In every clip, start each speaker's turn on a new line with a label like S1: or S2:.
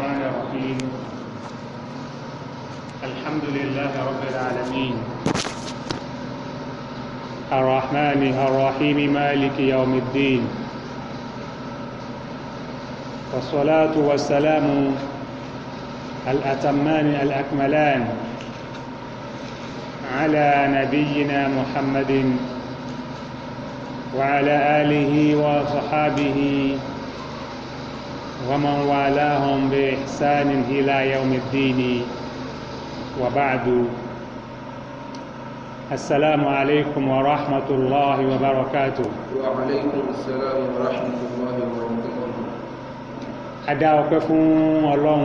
S1: الرحمن الرحيم الحمد لله رب العالمين الرحمن الرحيم مالك يوم الدين والصلاة والسلام الأتمان الأكملان على نبينا محمد وعلى آله وصحابه ومن والاهم بإحسان إلى يوم الدين وبعد السلام عليكم ورحمة الله وبركاته
S2: وعليكم السلام ورحمة الله وبركاته
S1: Adá ọpẹ́ الله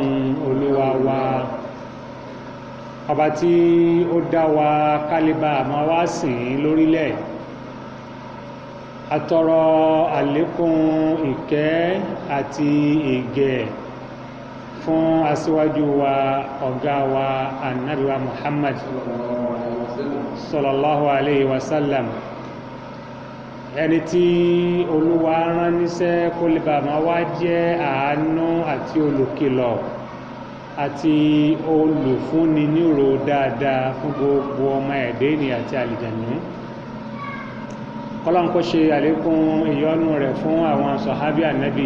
S1: Ọlọ́run و wa ọba tí ó لوري لي atọrọ àlékún ìkẹ́ àti ìgẹ̀ fún aṣíwájú wa ọ̀gá wa annabi muhammad sallallahu alayhi wa sallam ẹni tí olúwa rán níṣẹ́ kó lè bà máa wá jẹ́ àánú àti olùkìlọ̀ àti olùfúnni nírò dáadáa fún gbogbo ọmọ ẹ̀dẹ́ ènìyàn àti àlìjànú kọ́lọ́n kó ṣe àlékún ìyọ́nú rẹ̀ fún àwọn sọ̀hábí ànábì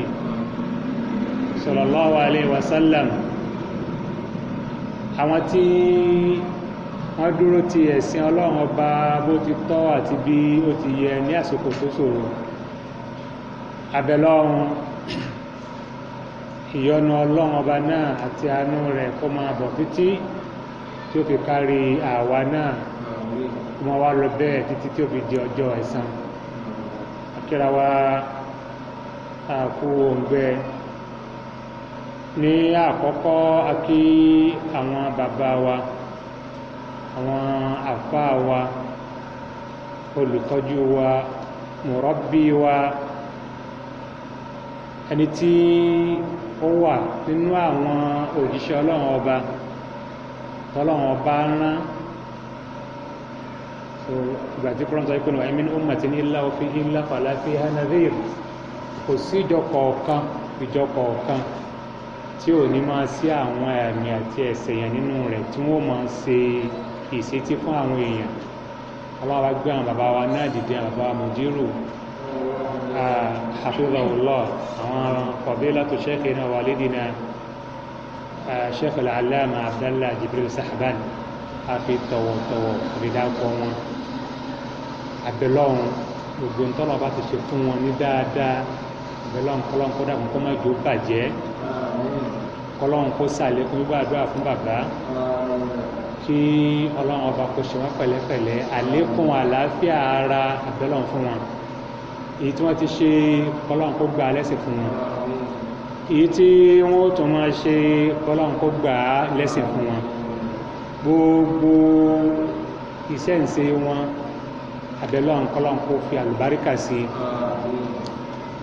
S1: sallallahu alaihi wasallam àwọn tí wọ́n dúró ti ẹ̀sìn ọlọ́run ọba bó ti tọ́ àti bí ó ti yẹ ní àsìkò tó ṣòro abẹ́lọ́run ìyọ́nú ọlọ́run ọba náà àti àánú rẹ̀ kó máa bọ̀ títí tí ó fi kárí àwa náà kó máa wá lọ bẹ́ẹ̀ títí tí ó fi di ọjọ́ ẹ̀san kíra wa àkú òǹgbẹ ní àkọ́kọ́ akí àwọn bàbá wa àwọn àfa wa olùtọ́jú wa mùrọ́bí wa ẹni tí ó wà nínú àwọn òjíṣẹ́ ọlọ́run ọba tọ́lọ́run ọba rán so ìgbà tí kúrọ́n sọ pé nà ẹ̀mí ó mà ti ní ilá òfin ilá fàlàfi hanavir kò sí ìjọ kọ̀ọ̀kan ìjọ kọ̀ọ̀kan tí ò ní máa sí àwọn àmì àti ẹ̀sẹ̀ yẹn nínú rẹ̀ tí wọ́n máa ṣe ìṣètí fún àwọn èèyàn aláwa gbé àwọn bàbá wa náà dìde àwọn bàbá mùdírù hafizahullah àwọn kọ̀bílá tó ṣẹ́kì náà wà lédi náà ṣẹ́kì làlámà abdallah jibril sahban àfi tọ̀wọ̀tọ̀wọ̀ àfi dákọ̀ wọn abẹ́lọ́run gbogbo ntọ́nà bá ti ṣe fún wọn ní dáadáa abẹ́lọ́run kọ́lọ́n kó dàgbọ́n kó má jò bàjẹ́ kọ́lọ́n kó sàlẹ̀ fún bíbá àdúrà fún bàbá kí ọlọ́run ọba kó ṣe wọ́n pẹ̀lẹ́pẹ̀lẹ́ àlékún àlàáfíà ara abẹ́lọ́run fún wọn èyí tí wọ́n ti ṣe kọ́lọ́n kó gbà lẹ́sìn fún wọn èyí tí wọ́n tún máa ṣe kọ́lọ́n kó gbà lẹ́sìn fún wọn gbogbo ìṣẹ̀ǹṣe wọn abẹ́lẹ́ ọ̀nkọ́lọ́n kó fi àlùbáríkà sí i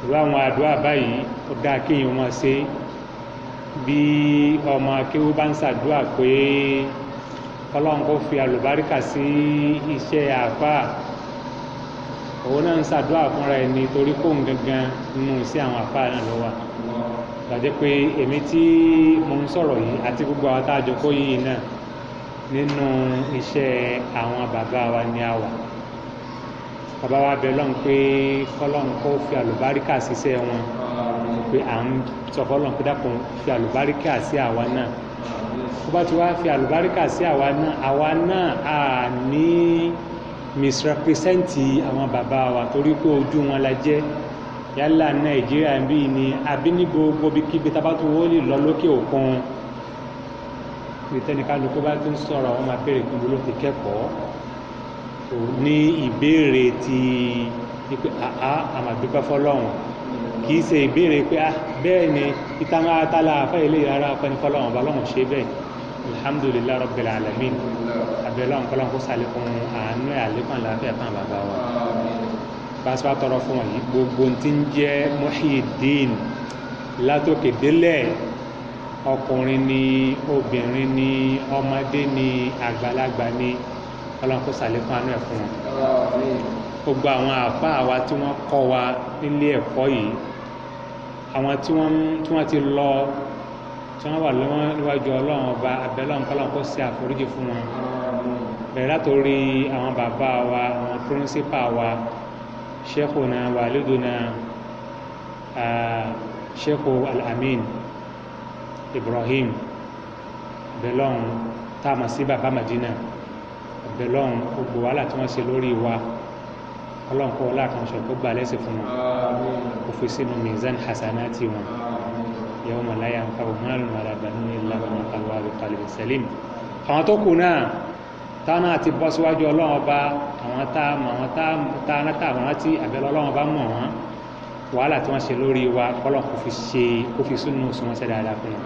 S1: ìlú àwọn àdúrà báyìí ó dáa kéèyàn wọn ṣe bí ọmọ akéwú bá ń ṣàdúrà pé ọlọ́run kó fi àlùbáríkà sí iṣẹ́ àáfàá òun náà ń ṣàdúrà fúnra ẹ̀ ní torí kóun gangan nù sí àwọn àáfàá náà lọ́wọ́ gbàdé pé èmi tí mo ń sọ̀rọ̀ yìí àti gbogbo àwọn tá a jọ kó yìí náà nínú iṣẹ́ àwọn bàbá wa ni a wà bàbá wa bẹ lọ́n pé kọ́lọ́n kó fi àlùbáríkà ṣiṣẹ́ wọn pé à ń sọ fọ́lọ́n pé dàpọ̀ fi àlùbáríkà sí àwa náà tó bá ti wá fi àlùbáríkà sí àwa náà àwa náà à ní misrepresent àwọn bàbá wa torí pé ojú wọn la jẹ́ yálà nàìjíríà ń bí ni àbí ní gbogbo ibikíbi tá a bá tún wọlé lọ lókè òkun ìtẹnikálukú bá tún sọ̀rọ̀ àwọn máa bẹ̀rẹ̀ pé mo ló ti kẹ́kọ̀ọ́ ní ìbéèrè ti pé àá ah, ah, àmàdúpẹ́ fọlọ́run kì í ṣe ìbéèrè pé ah bẹ́ẹ̀ ni ìtàmà àtàlà àfẹ́ ilé ìrara ọpẹ́ni fọlọ́run ọba lọ́wọ́n ṣe bẹ́ẹ̀ alhamdulilayi rabbil alamin abẹ́lẹ́ ọ̀hún kọ́lọ́n kó sàlékún àánú ẹ̀ àlékún àlàáfíà fún bàbá wa pàṣípà tọrọ fún wọn yìí gbogbo ti ń jẹ́ Muhyiddin látòkè délẹ̀ ọkùnrin ni obìnrin ni ọmọdé ni àgbàlagbà ni ọlọ́run kó sàlékún àánú ẹ̀ fún wọn. gbogbo àwọn àáfàá wa tí wọ́n kọ́ wa nílé ẹ̀kọ́ yìí àwọn tí wọ́n tí wọ́n ti lọ tí wọ́n wà níwájú ọlọ́run ọba abẹ́lọ́run kọ́lọ́run kó ṣe àforíjì fún wọn. bẹ̀rẹ̀ látòrí àwọn bàbá wa àwọn pírínsípà wa sheikhuna waliduna sheikhu al-amin ibrahim abẹ́lọ́run tá a mọ̀ sí bàbá madina ọ̀bẹ̀ lọ́hùn gbogbo wàhálà tí wọ́n ṣe lórí wa ọlọ́run kọ́ ọlá kan ṣọ̀kọ́ gba lẹ́sẹ̀ fún wọn kò fi sínú mizan hasanati wọn yawma la yanfa'u malun wala banun illa man ata bi qalbin salim àwọn tó kù náà táwọn náà ti bọ́ síwájú ọlọ́run ọba àwọn tá a mọ̀ àwọn tá a náà tá a mọ̀ wọ́n tí àbẹ̀lẹ̀ ọlọ́run ọba mọ̀ wọ́n wàhálà tí wọ́n ṣe lórí wa ọlọ́run kò fi ṣe kò fi sínú sùn wọ́n fún wọn.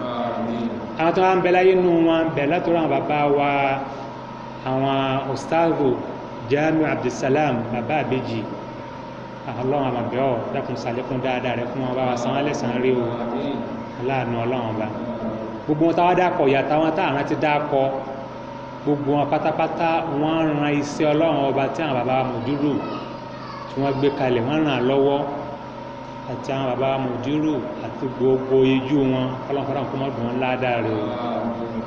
S1: àwọn tó wá ń bẹ láyé nù wọn bẹ̀ látọ̀rọ̀ bàbá wa àwọn ọ̀stáàgò jami abdulsalam bàbá àbèjì ah, ọlọ́run àmàbẹ́ ọ̀ dákun sàlékún dáadáa rẹ fún wọn bá wa san án lẹ́sàn-án rí o aláàánú ọlọ́run ọba gbogbo wọn táwa dákọ̀ ìyá táwọn táwọn ti dákọ̀ gbogbo wọn pátápátá wọn ran iṣẹ́ ọlọ́run ọba tí àwọn bàbá mòdúró tí wọ́n gbé kalẹ̀ wọ́n ràn án lọ́wọ́ àti àwọn bàbá mòdúró àti gbogbo ijú wọn ọlọ́run kọ́ra kó má dùn wọn ládàá rẹ o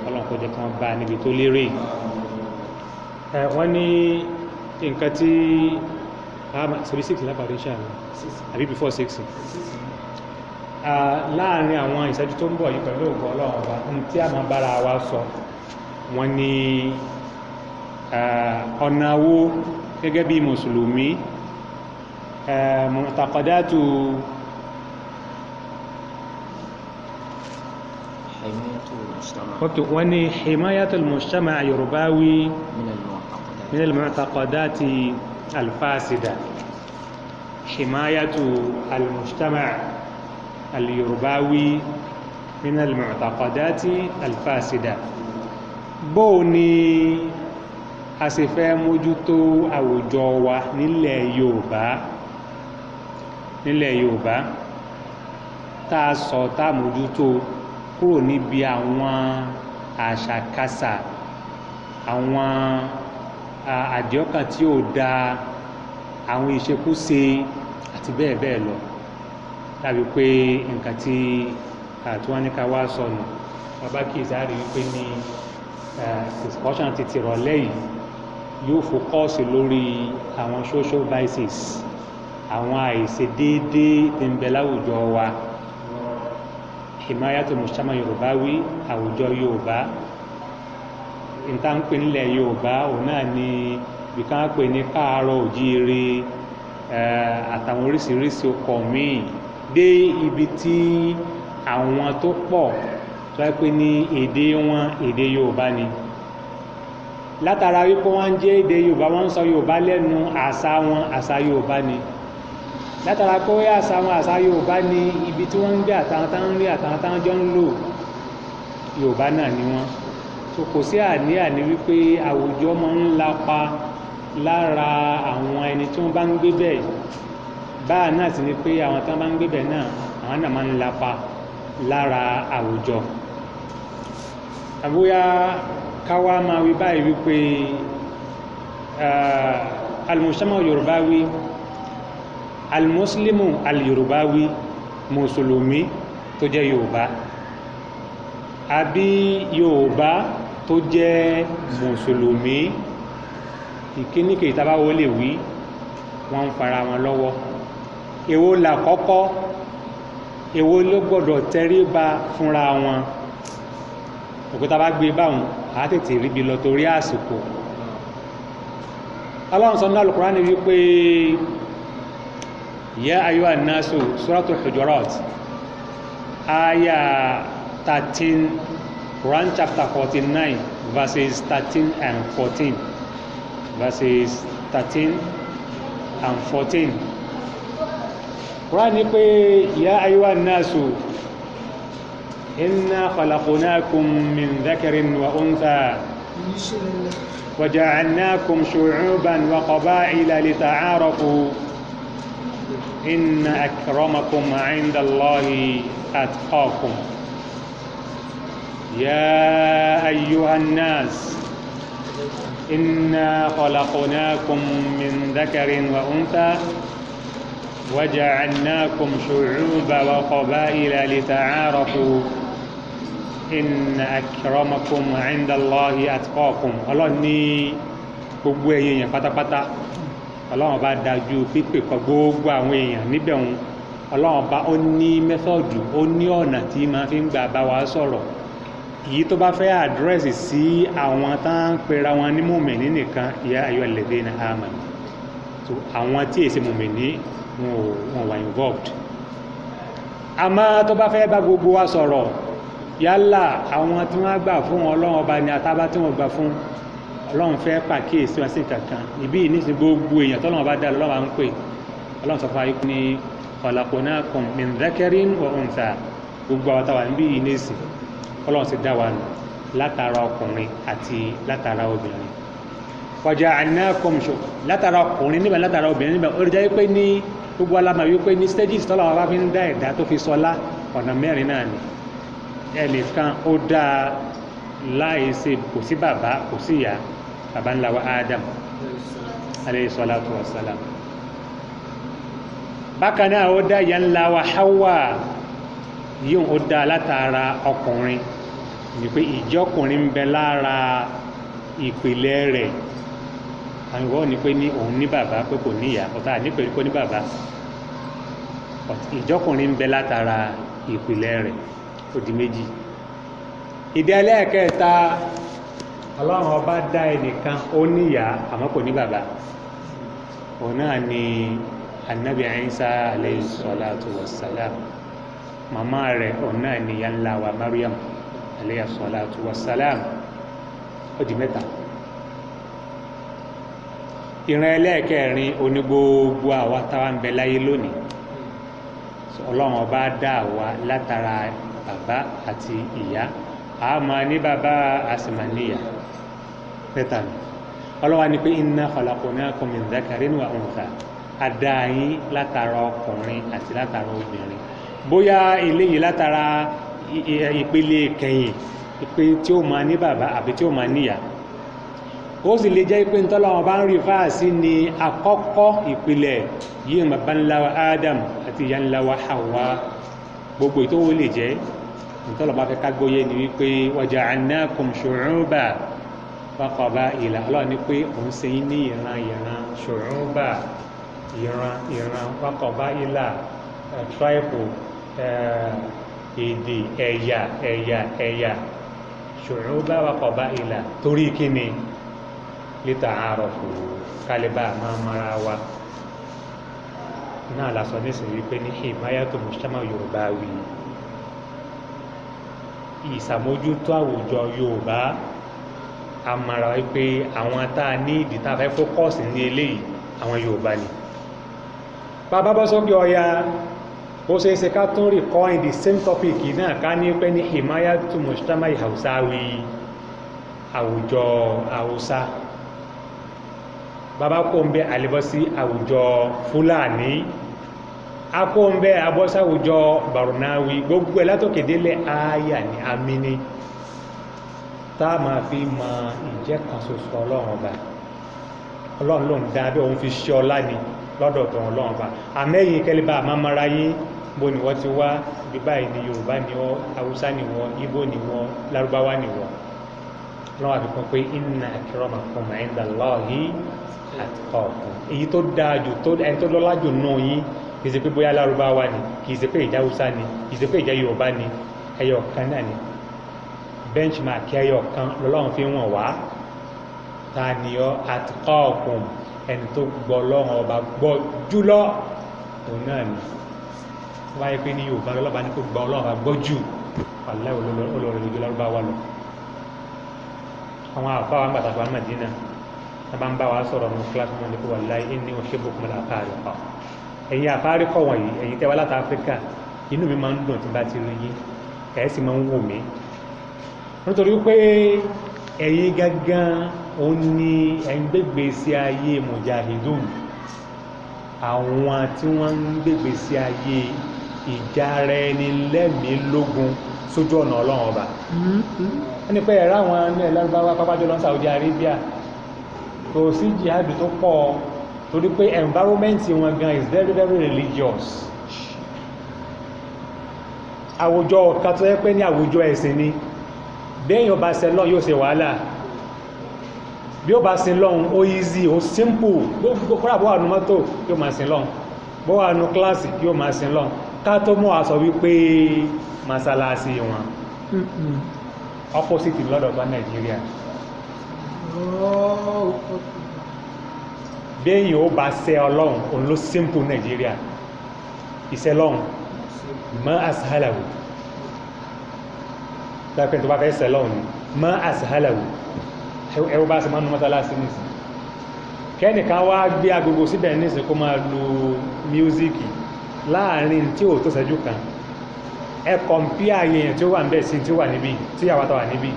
S1: ọlọ́run kó jẹ́ kí wọ́n bá níbi tó lérè. Eh, wọ́n ní nǹkan tí seventy six lápàdé ṣáàlú àbí before six láàrin àwọn ìṣẹ́jú tó ń bọ̀ yìí pẹ̀lú ògùn ọlọ́run ọba ní tí a máa bára wa sọ wọ́n ní ọ̀nà wo gẹ́gẹ́ bí mùsùlùmí eh, mọ̀tàkọ́dá tó. okay wọ́n ní himayatul mujtama yorùbáwí min al-mu'taqadat al-fasida himayatu al-mujtama al-yorùbáwí min al-mu'taqadat al-fasida bó ni a sì fẹ́ mójútó àwùjọ wa nílẹ̀ yorùbá nílẹ̀ yorùbá tá a sọ tá a mójútó. So, kúrò níbi àwọn àṣàkáṣà àwọn àdìọ́kàn tí ò dáa àwọn ìṣekúṣe àti bẹ́ẹ̀ bẹ́ẹ̀ lọ dàbí pé nǹkan tí àtúwáníkà wá sọnù bàbá kìsáàrí wípé ní discussion ti ti rọ̀lẹ́ yìí yóò fòkọ́ọ̀sì lórí àwọn social vices àwọn àìṣedéédéé tí ń bẹ láwùjọ wa himayatu mujtama yorùbá wí àwùjọ yorùbá nta ń pè nílẹ̀ yorùbá òun náà ni bìkà ń pè ní káàárọ̀ òjíire àtàwọn oríṣiríṣi ọkọ̀ míì dé ibi tí àwọn tó pọ̀ tó yẹ pé ní èdè wọn èdè ni látara wípé wọ́n ń èdè yorùbá wọ́n sọ yorùbá lẹ́nu àṣà wọn àṣà yorùbá ni látara pé ó yà àṣà àwọn àṣà yorùbá ní ibi tí wọ́n ń gbé àtàwọn táwọn rí àtàwọn jọ ń lò yorùbá náà ni wọ́n so kò sí àní wípé àwùjọ máa ń lapa lára àwọn ẹni tí wọ́n bá ń gbé bẹ́ẹ̀ báà náà sì ni pé àwọn tí wọ́n bá ń gbé bẹ́ẹ̀ náà àwọn náà máa ń lapa lára àwùjọ àbúyá káwá máa wí báyìí wípé eh, alùmùsọ́mọ̀ yorùbá wí. Uh, almuslimu alyorubawi mùsùlùmí tó jẹ́ yorùbá àbí yorùbá tó jẹ́ mùsùlùmí ìkíníkèé tábàwọ́ lè wí wọ́n ń fara wọn lọ́wọ́ èwo là kọ́kọ́ èwo ló gbọ́dọ̀ tẹríba fúnra wọn òkúta bá gbé e báwọn àá tètè ríbi lọ torí àsìkò ọlọ́run sọ ní alukura ni wípé. يا ayyuha nasu سورة الحجرات آية 13 Quran chapter 49 verses 13 and 14 verses 13 and 14 Quran ní pé ya ayyuha nasu inna khalaqnakum min dhakarin wa untha وجعلناكم شعوبا وقبائل لتعارفوا إن أكرمكم عند الله أتقاكم يا أيها الناس إنا خلقناكم من ذكر وأنثى وجعلناكم شعوبا وقبائل لتعارفوا إن أكرمكم عند الله أتقاكم الله ني gbogbo pátápátá ọlọ́run bá dájú pípè kọ gbogbo àwọn èèyàn níbẹ̀ wọn ọlọ́run bá ó ní mẹ́tọ́ọ̀dù ó ní ọ̀nà tí máa fi ń gbà bá wa sọ̀rọ̀ èyí tó bá fẹ́ àdírẹ́sì sí àwọn tá à ń pera wọn ní mùmìnì nìkan ìyá ayọ̀ lẹ́dẹ́ ní amọ̀ so àwọn tí èsì mùmìnì wọn wà involved àmọ́ tó bá fẹ́ bá gbogbo wa sọ̀rọ̀ yálà àwọn tí wọ́n gbà fún ọlọ́run ọba ni àtàbá tí wọ́n gbà fún ọlọ́run fẹ́ pàkíyèsí wa sí kan. ìbí nísìnyí gbogbo èèyàn tọ́lọ́run bá dá lọ́wọ́ à ń pè ọlọ́run sọ fún ayé ní khalaqnakum min dhakarin wa untha gbogbo àwọn táwa níbí yìí nèsì ọlọ́run sì dá wa nù látara ọkùnrin àti látara obìnrin wa ja'alnakum látara ọkùnrin níbẹ̀ látara obìnrin níbẹ̀ ó lè jẹ́ pé ní gbogbo alama wípé ní stages tọ́lá wa bá fi ń dá ẹ̀dá tó fi sọlá ọ̀nà mẹ́rin náà ni ẹnìkan láì ṣe kò sí bàbá kò sí ìyá baba ńlá wa Adam aleyhi salatu wa salam bákan náà ó dá ìyá ńlá wa Hawa yóò ó dá látara ọkùnrin ní pé ìjọkùnrin ń bẹ lára ìpìlẹ̀ rẹ̀ àwọn ní pé ní òun ní bàbá pé kò níyà ọ̀tá nípe kò ní bàbá ìjọkùnrin bẹ látara ìpìlẹ̀ rẹ̀ ó di méjì ìdí ẹlẹ́ẹ̀kẹta ọlọ́run ọba dá ẹnìkan ó níyà àmọ́ kò ní bàbá òun náà ni anabi Isa alayhi salatu wassalam màmá rẹ̀ òun náà ni ìyá ńlá wa Maryam alayhi salatu wassalam ó di mẹ́ta ìran ẹlẹ́ẹ̀kẹrin oní àwa táwa ń bẹ láyé lónìí ọlọ́run ọba dá àwa látara bàbá àti ìyá a ní bàbá a sì máa níyà mẹ́ta ni ọlọ́wà ni pé inna khalaqnakum min dhakarin wa untha àdáyín látara ọkùnrin àti látara obìnrin bóyá eléyìí látara ìpele kẹyìn ìpè tí ó máa ní bàbá àbí tí ó máa níyà ó sì lè jẹ́ pé ntọ́lá wọn bá ń rí fáàsì ní àkọ́kọ́ ìpìlẹ̀ yìí bàbá ńlá wa Adam àti ìyá ńlá wa Hawa gbogbo ìtòwò lè jẹ́ ntọ́lá wọn bá fẹ́ ká gbóyè ni wípé wa ja'alnakum shu'uban bákọ̀ọ́bá ìlà ọlọ́run ní pé òun ṣe yín ní ìran ìran ṣòrúnbà ìran ìran bákọ̀ọ́bá ìlà eh, tíráìpù eh, èdè ẹ̀yà ẹ̀yà ẹ̀yà ṣòrúnbà bákọ̀ọ́bá ìlà torí kíni lítà àárọ̀ kò kálíbà máa mara wa náà lásọ nísìnyí wípé ní himayatu mujtama yorùbá wí ìsàmójútó àwùjọ yorùbá a mara àwọn tá a ní ìdí tá a fẹ́ fókọ́ọ̀sì ní eléyìí àwọn Yorùbá ni bàbá bọ́ sókè ọya ó ṣe é ṣe ká tún rí kọ́ in the same topic náà ká ní pẹ́ ní himaya tu mustama hausawi àwùjọ haúsá bàbá kò ń bẹ àlebọ́sí àwùjọ fúlàní akó ń bẹ abọ́sáwùjọ barunawi gbogbo ẹ̀ látòkèdélẹ̀ ààyà ní amíní tá a máa fi mọ ìjẹ́ kan ṣoṣo ọlọ́run ọba ọlọ́run ló ń da bí òun fi ṣe ọlá ni lọ́dọ̀ tó ọlọ́run ọba àmẹ́yìn kẹ́lẹ́bà àmàmára yín bó ni wọ́n ti wá bíbá ìní yorùbá ni wọ́n haúsá ni wọ́n ibo ni wọ́n lárúbáwá ni wọ́n lọ́wọ́ àfikún pé inna akramakum inda Allahi atqakum èyí tó dáa jù ẹni tó lọ́lá jù nù yín kì í ṣe pé bóyá lárúbáwá ni kì í ṣe pé ìjà haúsá ni kì í ṣe pé ìjà yorùbá ni ẹyọ kan náà ni benchmark ẹyọ kan lọ́lọ́run fi wọ̀n wá ta ni ọ àti kọ́ọ̀kùn ẹni tó gbọ́ lọ́rùn ọba gbọ́ jùlọ òun náà ni wọ́n wáyé pé ní yorùbá lọ́ba ní kó gbọ́ ọlọ́run ọba gbọ́ jù wàlẹ́ olórí ìjọba lọ́ba wà lọ. àwọn àfa wa ń gbàtà fún bá ń bá wa sọ̀rọ̀ ní kílásì wọn ní kó wà láyé ní òṣèbó kọ́mọlá àpárí pa ẹ̀yin àpárí kọ̀ wọ̀nyí ẹ̀yin tẹ́wọ́ láti áfíríkà inú mi máa ń dùn tí bá ti rí yín kẹ̀ẹ́sì máa ń wù mí nítorí pé ẹ̀yin gangan òun ni ẹ̀ǹgbẹ̀gbẹ̀ sí ayé mujahidun àwọn tí wọ́n ń gbègbè sí ayé ìjára ẹni lẹ́mìí sójú ọ̀nà ọlọ́run ọba ẹni pé ẹ̀rọ àwọn ẹlẹ́rìbáwá pápájọ lọ Saudi Arabia kò sí jihad tó pọ̀ torí pé environment wọn gan is very very religious àwùjọ ọ̀ka tó pé ní àwùjọ ẹ̀sìn ni bẹ́yìn ọba ṣe lọ́n yóò ṣe wàhálà bí ó bá sin lọ́hun ó easy ó simple gbogbo kọ́ra bó wà nù mọ́tò yóò máa sin lọ́hun bó wà nù kíláàsì yóò máa sin lọ́hun ká tó mọ̀ àṣọ wípé màsálásí wọn opposite lọ́dọ̀ bá nàìjíríà bẹ́yìn ó bá ṣe ọlọ́hun òun ló simple nàìjíríà ìṣẹ́ mọ́ àṣálàwò tẹ́pẹ́ tó bá fẹ́ sẹ́lọ̀ ní mọ́ àṣìhálàwò ẹwọ́ bá ṣe máa nù mọ́sálásí nìsín kẹ́nìkan wá gbé agogo síbẹ̀ nìsín kó máa lo míúsíkì láàrin tí ò tó ṣẹ́jú kan ẹ kọ̀m̀píà yẹn tí ó wà níbẹ̀ sí tí ó wà níbí tí àwa ta wà níbí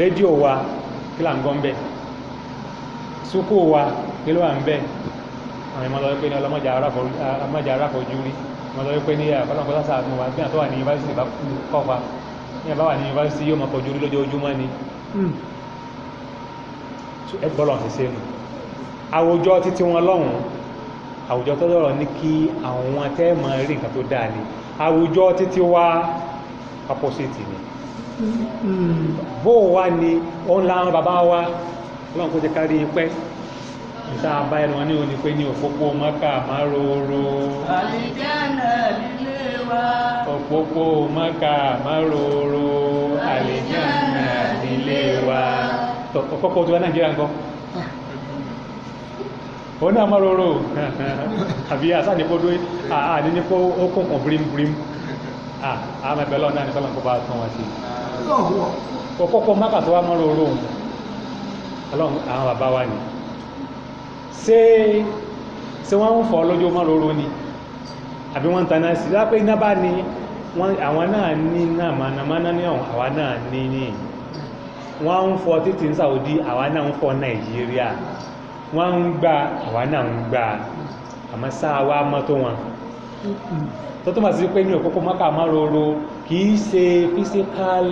S1: rédíò wa kí là ń gbọ́ ń bẹ̀ súkú wa kí ló wà ń bẹ̀ àwọn ìmọ̀ lọ́wọ́ pé ní ọlọ́mọdé aráfojú rí ọmọdé pé ní ẹ̀kọ́ náà kọ́ sásà àtúnwá bí àtọ́wà ní yunifásitì bá kọ́ pa ní àbáwà ní yunifásitì yóò máa kọjú orí lójoojúmọ́ ni hmm. ẹ gbọ́dọ̀ ti ṣe mu àwùjọ títí wọn lọ́hùn àwùjọ tó dọ̀rọ̀ ní kí àwọn tẹ́ rí nǹkan tó dáa ni àwùjọ títí wá opposite ni hmm. bó wá ni òun làwọn bàbá wa ọlọ́run kó ti kárí pẹ́ níta bá wọn ní òní pé ní òfófó mọ́kà máa roro òpópó mọ́kà máròrò àlèjánà nílé wa òpópó tó wá nàìjíríà ńkọ́ òun náà máròrò àbí àsánípò dúró ànínípò ó kún kún bírímbírím àmọ́ ẹ̀bẹ̀ lọ́nà ní sọ́lọ́n kó bá tún wọn sí òpópó mọ́kà tó wá máròrò ọlọ́run àwọn bàbá wa ni ṣé ṣé wọ́n ń fọ́ lójú máròrò ni àbí wọ́n ń tan náà sí i lápẹ́ iná bá ní àwọn náà ní náà mànàmáná ní ọ̀hún àwa náà ní ní wọ́n ń fọ títí ní Saudi àwa náà ń fọ Nàìjíríà wọ́n ń gbà àwa náà ń gbà àmọ́ sáà wá mọ́tò wọn tó tó máa sì pé ní òkókó mọ́kà máa roro kì í ṣe physical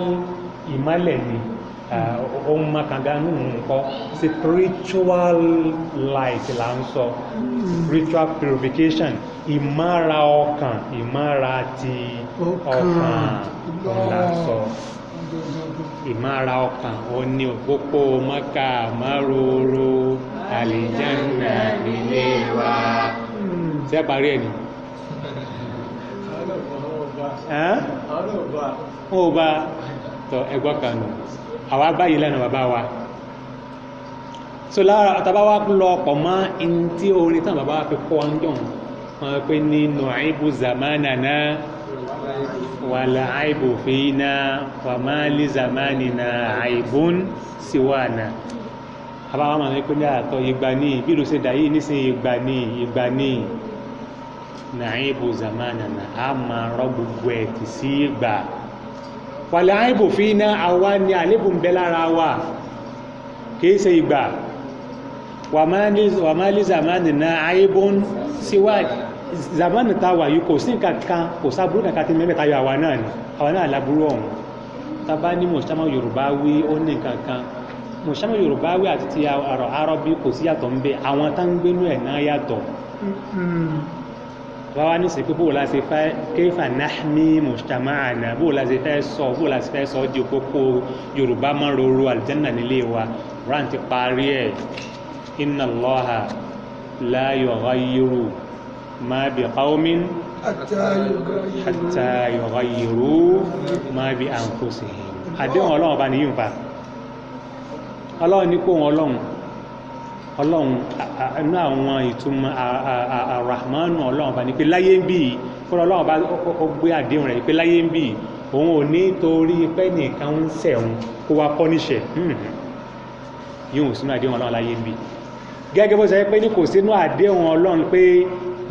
S1: ìmálẹ̀ ni. Eh, ohun makanganu nǹkan spiritual light là ń sọ spiritual purification ìmára ọkàn ìmára ti ọkàn là ń sọ ìmára ọkàn ó ní òpópó mọ́kà márùrù àlìjáná nílé wa ṣé parí ẹ̀ ni.
S2: àwọn ò bá tọ ẹgbọ́n kan àwa báyìí lẹ́nu bàbá wa
S1: so lára àtàbá wa lọ ọ̀pọ̀ mọ́ ẹni tí orin tán bàbá wa fi kọ́ ọ́n jọ̀ wọ́n pe ní nùhàìbù zamanana wàlà àìbù fìyínà wàmáàlì zamanina àìbùn síwáàna àbá wa máa ń ní àtọ̀ ìgbà ní bí ló ṣe nísìnyí ìgbà ní ìgbà ní nùhàìbù zamanana a máa rọ gbogbo ẹ̀ tì sí ìgbà wàlẹ̀ àìbò fi iná àwa ni àlébù ń bẹ lára wa kìí ṣe ìgbà wà máa lé zamani náà àìbò ń síwá zamani ta wà yìí kò sí nǹkan kan kò sábúrú kankan tí mẹ́mẹ́ta yọ àwa náà ni àwa náà láburú ọ̀hún tábà ní mọ̀ṣámá yorùbá wí ó ní nǹkan mọ̀ṣámá yorùbá wí àti ti àrọ̀ àrọ̀ bí kò sí yàtọ̀ ń bẹ àwọn tá ẹ̀ náà yàtọ̀ bàbá wa ní sè pé bóòlà ṣe fẹ́ kéfà nahmi mujtama'ana bóòlà ṣe fẹ́ sọ bóòlà ṣe fẹ́ sọ di kókó yorùbá máa roro àlùjánnà nílé wa ran ti parí ẹ̀ inna Allaha la yughayyiru ma bi qawmin hatta yughayyiru ma bi anfusihim àdéhùn ọlọ́run ọba nìyí nfa ọlọ́run ní kó ọlọ́run ọlọ́run inú àwọn ìtumọ̀ arahmanu ọlọ́run bá ní pé láyé ń bì í fúnra ọlọ́run bá ó gbé àdéhùn rẹ̀ pé láyé ń bì í òun ò ní torí pé nìkan ń sẹ̀wọ̀n kó wa kọ́ hmm. yóò sínú àdéhùn ọlọ́run láyé ń bì í gẹ́gẹ́ bó ṣe pé ní kò sínú àdéhùn ọlọ́run pé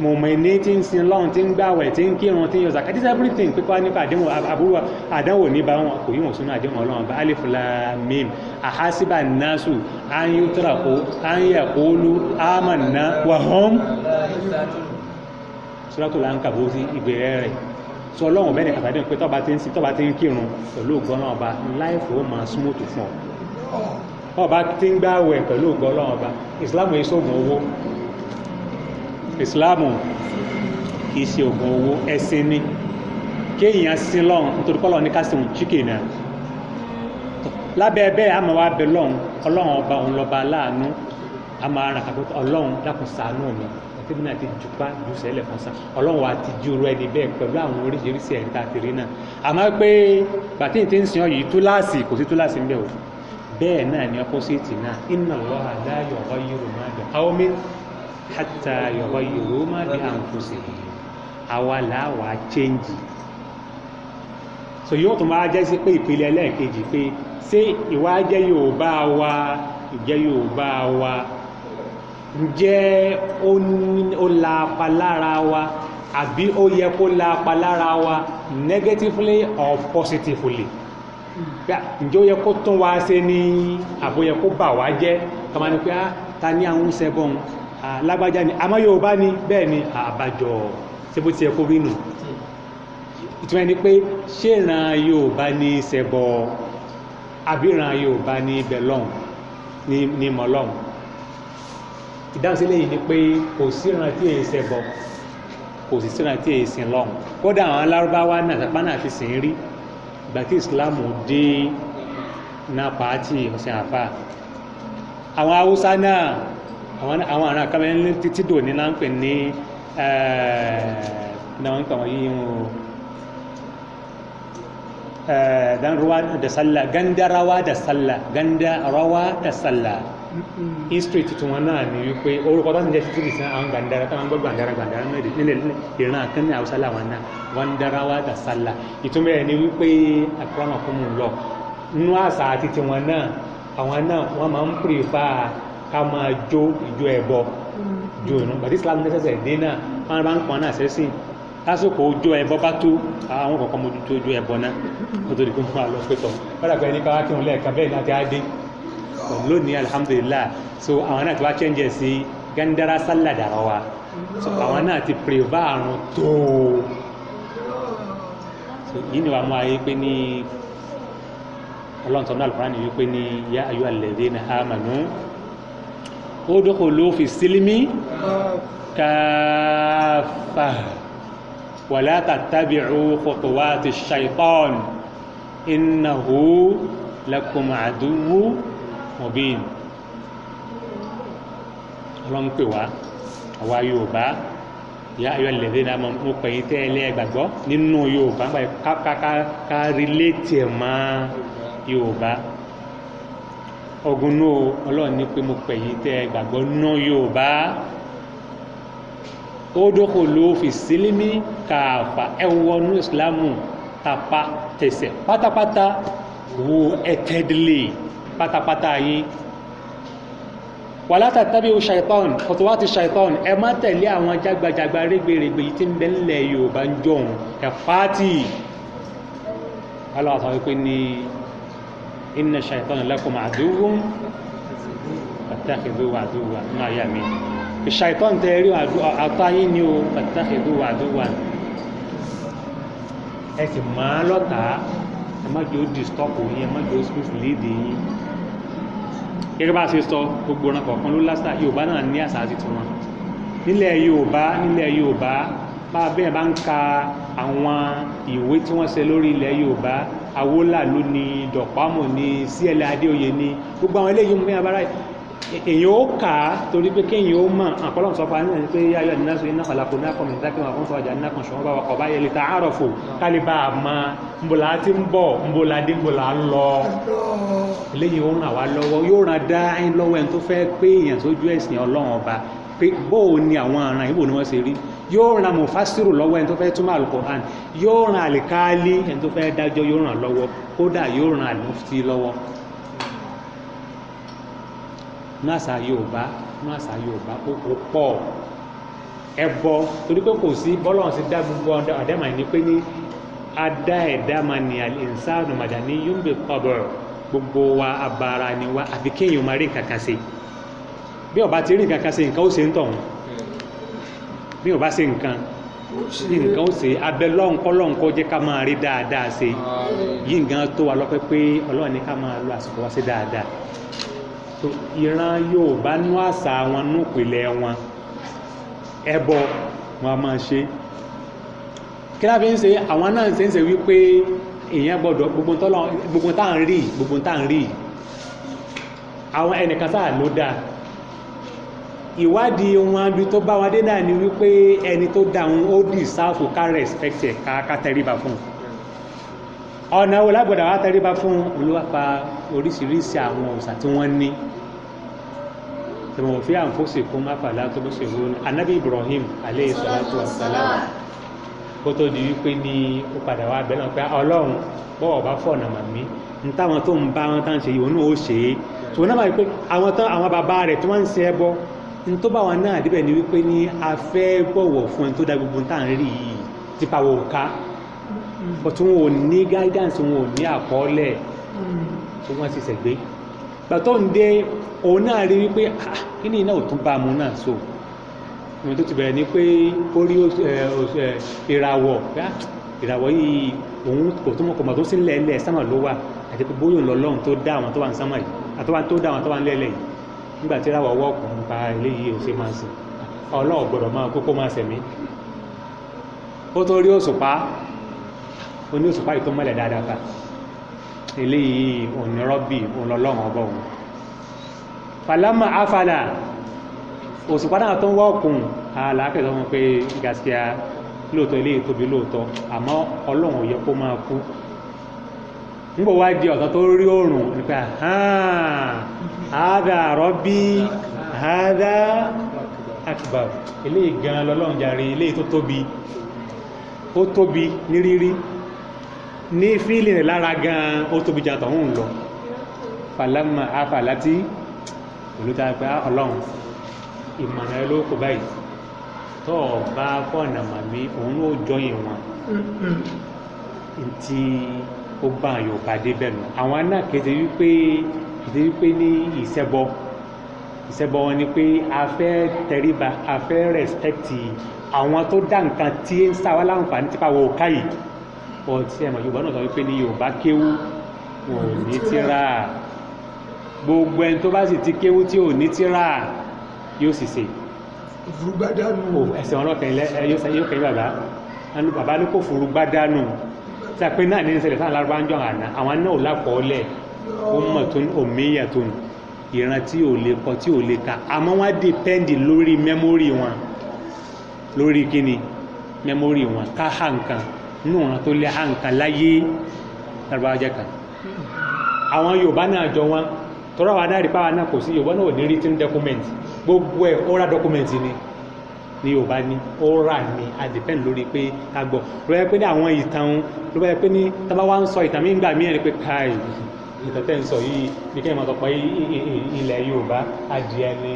S1: mọ̀mọ́ ẹni tí ń sin lọ́run tí ń gbàwẹ̀ tí ń kírun tí ń yọ zakat everything pípa nípa àdéhùn àbúrò àdánwò níbà wọn kò yíwọ̀n sínú àdéhùn ọlọ́run bá alif lam mim ahasiba nasu an yutraku an yaqulu amanna wa hum suratul ankabut ìbẹ̀rẹ̀ rẹ̀ sọ ọlọ́run bẹ́ẹ̀ ni kàtàdé pé tọ́ba ti ń sin tọ́ba ti ń kírun pẹ̀lú ògbọ́n náà ọba láìfò máa súnmọ́ tó fún ọ ọba ti ń gbàwẹ̀ pẹ̀lú ògbọ́n náà ọba ìsìlámù yìí sóògùn islam kì í ṣe oògùn owó ẹ̀sìn ni kéèyàn sin lọ́hùn nítorí pọ́lọ́ ní ká sìn jíkè náà lábẹ́ bẹ́ẹ̀ àmọ́ wa bẹ lọ́hùn ọlọ́hùn ọba òun lọ́ba láàánú àmọ́ ara kàkó ọlọ́hùn dákun ṣàánú mi tẹ́bí náà ti jupa ju sẹ́lẹ̀ fún sa ọlọ́run wa ti ju ẹni bẹ́ẹ̀ pẹ̀lú àwọn oríṣiríṣi ẹ̀rí tá a ti náà àmọ́ pé bàtí ti ń sìn ọ́ yìí túláàsì kò sí túláàsì ń o bẹ́ẹ̀ náà ni opposite náà iná lọ́wọ́ àdáyọ̀ ọ̀yọ́ yorùbá bẹ̀ àwọn hàtà yọ̀bọ̀ yòrò má bí àǹfọ̀sì àwa làwà chẹ́ǹjì so yóò tún máa jẹ́ sí pé ìpele ẹlẹ́ẹ̀kejì pé ṣé ìwà jẹ́ Yorùbá wa ìjẹ́ Yorùbá wa ǹjẹ́ ó laapa lára wa àbí ó yẹ kó laapa lára wa negatively or positively ǹjẹ́ ó yẹ kó tún wa ṣe ní àbóyẹ kó bà wá jẹ́ kàmá ni pé ah, ta ni àwọn ń ṣẹbọn lágbájá ni àmọ́ yorùbá ni bẹ́ẹ̀ ni àbájọ ṣe bó ti yẹ kó rí nù ìtumọ̀ ni pé ṣé ìran yorùbá ní ṣẹbọ àbí ìran yorùbá ní bẹlọ́n ní mọ́lọ́n ìdáhùn sí lẹ́yìn ni pé kò sí ìran tí èyí ṣẹbọ kò sí ìran tí èyí sìn lọ́hùn kódà àwọn alárúbáwá náà sápá náà ti sìn rí ìgbà tí ìsìláàmù dé náà pàátì ọ̀sẹ̀ àfà àwọn haúsá náà àwọn àrà kàmẹ́ títí dò ní láǹpẹ ní náà ń yìí eh, wọn o eh, da sallah ganda da sallah ganda da sallah history tuntun wọn náà ni wípé orúkọ tó ń jẹ títí sàn àwọn gandara tó ń gbọ́ gandara gandara nílẹ̀ ìran kan ní haúsá làwọn náà gandara da sallah ìtumọ̀ ẹ̀ ni wípé akọ́nà lọ nínú àṣà àti tiwọn náà àwọn náà wọ́n máa ń pèrè fáà ká máa jó ìjó ẹbọ mm. ju ìrun bàtí islam nẹ́sẹ̀sẹ̀ dé náà wọn bá ń pọn náà sẹ́sìn lásìkò ọjọ́ ẹbọ bá tó àwọn kankan mo tó ọjọ́ ẹbọ náà kó tó di pé wọn lọ pẹtọ wọn dàgbà ẹni káwá kí wọn lẹ́ẹ̀kan bẹ́ẹ̀ náà ti á dé lónìí alhamdulillah so àwọn náà ti wá chẹ́ǹjẹ̀ sí gandara sálàdà wa so àwọn náà ti pèrèvà àrùn tó so yìí ni wàá mú ayé pé ní ọlọ́ntàn náà lọ́kùnrin ni wípé ní yá ayọ́ àlẹ́ dé ní àmàlú udkhulu fi sílímì káfà wala tattabi'u khutuwati shaitan innahu lakum aduwwu mubin ọlọ́npẹ̀ wá àwa yorùbá ìyá ayọ̀ lẹ́dẹ̀ náà mo pè yín tẹ́lẹ̀ gbàgbọ́ nínú yorùbá ká ká ká ká rílétì ẹ̀ mọ́ yorùbá ogun o ọlọ́run ní pé mo pè yín tẹ́ ẹ gbàgbọ́ nù yorùbá ó dókò ló fi sílímì kààfà ẹ wọnú ìsìlámù tapa tẹsẹ̀ pátápátá wo ẹtẹ́dìlẹ̀ pátápátá yín wàlátà tàbí o ṣàìtàn ọ̀tọ̀wá ti ṣàìtàn ẹ má tẹ̀lé àwọn jágbajàgba rẹ́gbẹ̀rẹ́gbẹ̀ yìí tí ń bẹ nílẹ̀ yorùbá ń jọ̀hún ẹ̀ fàátì aláwọ̀ sọ wípé ní inna shaytana لكم aduwwun fattakhidhuhu aduwwan nínú àyà mi shaytan tẹ rí àtàyè ni ما fattakhidhuhu ما ẹ sì máa lọ́tà ẹ má ليدي ó disturb yín ẹ má jẹ́ ó mislead yín gẹ́gẹ́ bá a ṣe sọ gbogbo ọ̀ràn kọ̀ọ̀kan ló lásà yorùbá náà ní àṣà àti tiwọn nílẹ̀ yorùbá nílẹ̀ yorùbá bá a bẹ́ẹ̀ bá ń ka àwọn ìwé tí wọ́n ṣe lórí ilẹ̀ yorùbá Awólà ló ní Dọ̀pámọ̀ ní síẹ̀lẹ̀ Adéoyè gbogbo àwọn eléyìí mú bẹ́ẹ̀ èyàn ó kà á torí pé kéèyàn ó mọ̀ àkọlọ́n sọ fún pé yáyọ ní sọ iná ọ̀làkó náà kọ̀mí dákẹ́ wọn fún ọjà náà kan ṣùgbọ́n báwa kọ̀ bá yẹ lè ta àárọ̀ fò nbola ti ń bọ̀ nbola dé nbola ń lọ. eléyìí ó ràn wá lọ́wọ́ yóò ràn dá lọ́wọ́ ẹni tó fẹ́ pé èèyàn sójú ẹ̀sìn Ọlọ́run ọba pé bóò ni àwọn aràn ìbò ni wọ́n ṣe rí yóò ran mufasiru lọ́wọ́ ẹni tó fẹ́ túmọ̀ alukoran yóò ran alikali ẹni tó fẹ́ dájọ́ yóò ran lọ́wọ́ kódà yóò ran alufti lọ́wọ́ nú àṣà yorùbá nú àṣà yorùbá ó pọ̀ ẹbọ torí pé kò sí bọ́lọ́run sí dá gbogbo àdámà ní pé ní adá ẹ̀dámà ní àlìsàánù màdání yóò bè kọ́bọ̀rọ̀ gbogbo wa abara ni wa àfi kéèyàn máa rí nǹkan kan ṣe bí ọba ti rí nǹkan kan ṣe nǹkan ó ṣe ń tọ̀hún bí o bá ṣe nǹkan nǹkan ó ṣe abẹ lọ́nkọ́ lọ́nkọ́ jẹ́ ká máa rí dáadáa ṣe yìí nǹkan tó wa lọ́pẹ́ pé ọlọ́run ní ká máa lo àsìkò wá sí dáadáa tó ìran Yorùbá nú àṣà wọn nú ìpìlẹ̀ wọn ẹbọ wọn a máa ṣe kí láfi ń ṣe àwọn náà ṣe ń ṣe wípé èèyàn gbọ́dọ̀ gbogbo tá à ń rí gbogbo tá à ń rí àwọn ẹnìkan sáà ló dáa ìwádìí wọn bí tó bá wọn dé náà ni wípé ẹni tó dáhùn ó deserve ká respect ẹ̀ ká tẹríba fún un ọ̀nà wo lágbọ̀dọ̀ wá tẹríba fún olúwàpá oríṣiríṣi àwọn òòṣà tí wọ́n ní tẹ̀wọ̀n fi àǹfóṣe kó tó bó ṣe wó anábì Ibrahim alayhi salatu wassalam kó tó di wípé ní ó padà wá bẹ́ẹ̀ náà pé ọlọ́run bọ́wọ̀ bá fọ̀nà màmí ní táwọn tó ń bá wọn tá ń ṣe yìí òun náà ó ṣe é ṣùgbọ́n náà máa pé àwọn bàbá rẹ̀ tí wọ́n ń ṣe ẹbọ ní tó bá wa náà débẹ̀ ni wípé ní a fẹ́ bọ̀wọ̀ fún ẹni tó dá gbogbo tá à ń rí yìí tipa wò ká but wọn ò ní guidance wọn ò ní àkọọ́lẹ̀ tó wọ́n ti ṣẹ̀gbé gbàtọ́ ń dé òun náà rí wípé ah, ah, kí ni iná ò tún bá mu náà so ìwọ̀n tó ti bẹ̀rẹ̀ ni pé ó rí ìràwọ̀ ah, ìràwọ̀ yìí òun kò tó mọ̀ kò mọ̀ tó sì ń lẹ̀ ẹ̀ lẹ̀ sámà ló wà àti pé bóyá òun lọ́lọ́run tó dá àwọn tó wà ń sámà yìí àtọ́wà tó dá àwọn tó wà ń lẹ̀ yìí nígbà tí ra wọ́wọ́ kùn ń pa eléyìí ò ṣe máa sìn ọlọ́ọ̀ gbọ́dọ̀ máa kókó máa sẹ̀mí ó tó rí òṣùpá ó ní òṣùpá yìí tó mọ́lẹ̀ dáadáa ká eléyìí onírọ́bì ọlọ́lọ́run ọba òun falama afala òṣùpá náà tó ń wọ́ọ̀kùn àlàáfẹ́ tó ń pe gaskiya lóòótọ́ eléyìí tóbi lóòótọ́ àmọ́ ọlọ́run ò yẹ kó máa kú nígbà wá di ọ̀tọ̀ tó rí oòrùn nípa àádá rọ́bí àádá akbar eléyìí gan lọ́lọ́run jàre eléyìí tó tóbi ó tóbi ní rírí ní fíìlì lára gan ó tóbi jàtọ̀ ń lọ falama afalati olùta pé ọlọ́run ìmọ̀nà ẹ ló kó báyìí tó o bá fọ̀nà màmí òun ó jọyìn wọn
S2: mm-hmm.
S1: ntí ó bá àwọn Yorùbá dé bẹ́ẹ̀ nù àwọn náà kéde wípé kéde wípé ní ìṣẹ́bọ ìṣẹ́bọ wọn ni pé a fẹ́ tẹríba a fẹ́ rẹ̀spẹ̀tì àwọn tó dá nǹkan tí ń sá wa láǹfààní tipa wọ ọ̀ká yìí ọtí ẹ̀mọ̀ Yorùbá náà sọ wípé ní Yorùbá kéwú wọn ò ní tírà gbogbo ẹni tó bá sì ti kéwú tí ò ní tírà yóò sì ṣe furugbádánù ẹsẹ̀ wọn náà kẹ́yìn lẹ́ yóò kẹ́yìn bàbá bàbá ní kò furugbádánù sàpé náà ní ṣẹlẹ̀ sáà lárúbá ń jọ àná àwọn náà ò lákọọ́lẹ̀ ummatun ummiyatun ìran tí ò lè kọ tí ò lè ka àmọ́ wọ́n dìpẹ́ndì lórí mẹ́mórì wọn lórí kíni mẹ́mórì wọn ká hà nǹkan nínú wọn tó lé hà nǹkan láyé lárúbá jẹ́ kan àwọn yorùbá náà jọ wọn tọ́rọ àwọn adárípáwa náà kò sí yorùbá náà ò ní written document gbogbo ẹ̀ oral document ni ni yorùbá ní ó rà ní àdìpẹ́ǹd lórí pé ká gbọ́ ló bá yẹ pé ní àwọn ìtàn ló bá yẹ pé ní tábà wá ń sọ ìtàn mí gbà mí ẹni pé káì ìtàn ń sọ yìí ní kí ẹ máa ilẹ̀ yorùbá adìẹ ni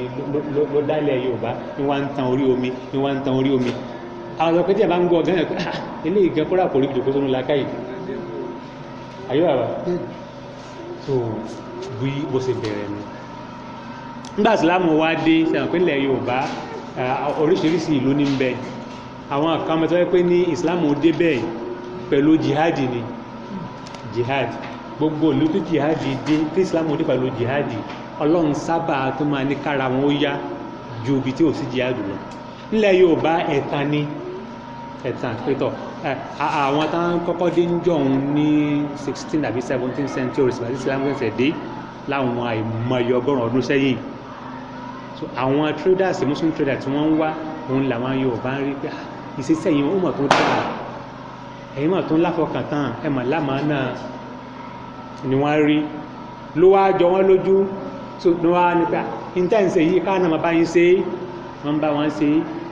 S1: ló dá ilẹ̀ yorùbá ni wọ́n ń tan orí omi ni wọ́n ń tan orí omi àwọn ọ̀sán pé tí ẹ bá ń gbọ́ gan ẹ̀ pé ah, eléyìí gan kó rà rí jòkó sónú làákàyè ayé bàbá so bí bó ṣe bẹ̀rẹ̀ ni nígbà Eh, oríṣiríṣi ìlú ní bẹ àwọn kan mẹ́ta wípé ní islam débẹ̀ pẹ̀lú jihad ni jihad gbogbo ìlú tí jihad dé tí islam dé pẹ̀lú jihad. ọlọ́run sábà tó máa ní kára wọn ó yá ju ibi tí ò sí jihadi lọ nílẹ̀ yorùbá ẹ̀tàn ni ẹ̀tàn pétọ̀ eh, àwọn tá kọ́kọ́ dé ń jọ̀hún ní sixteen àbí seventeen century ìsìlámù ẹ̀sẹ̀ dé láwọn àìmọye ọgọ́rùn-ún ọdún sẹ́yìn àwọn traders muslim traders tí wọ́n ń wá òun làwọn yorùbá ń rí pé ah, ìṣesẹ́ yìí wọ́n mọ̀ tó dáa ẹ̀yìn mọ̀ tó ń láfọkàn tán ẹ̀ mọ̀ lámàá náà ni wọ́n rí ló wá jọ wọ́n lójú tó ní wá nípa intense yìí ká náà máa bá yín ṣe wọ́n bá wọn ṣe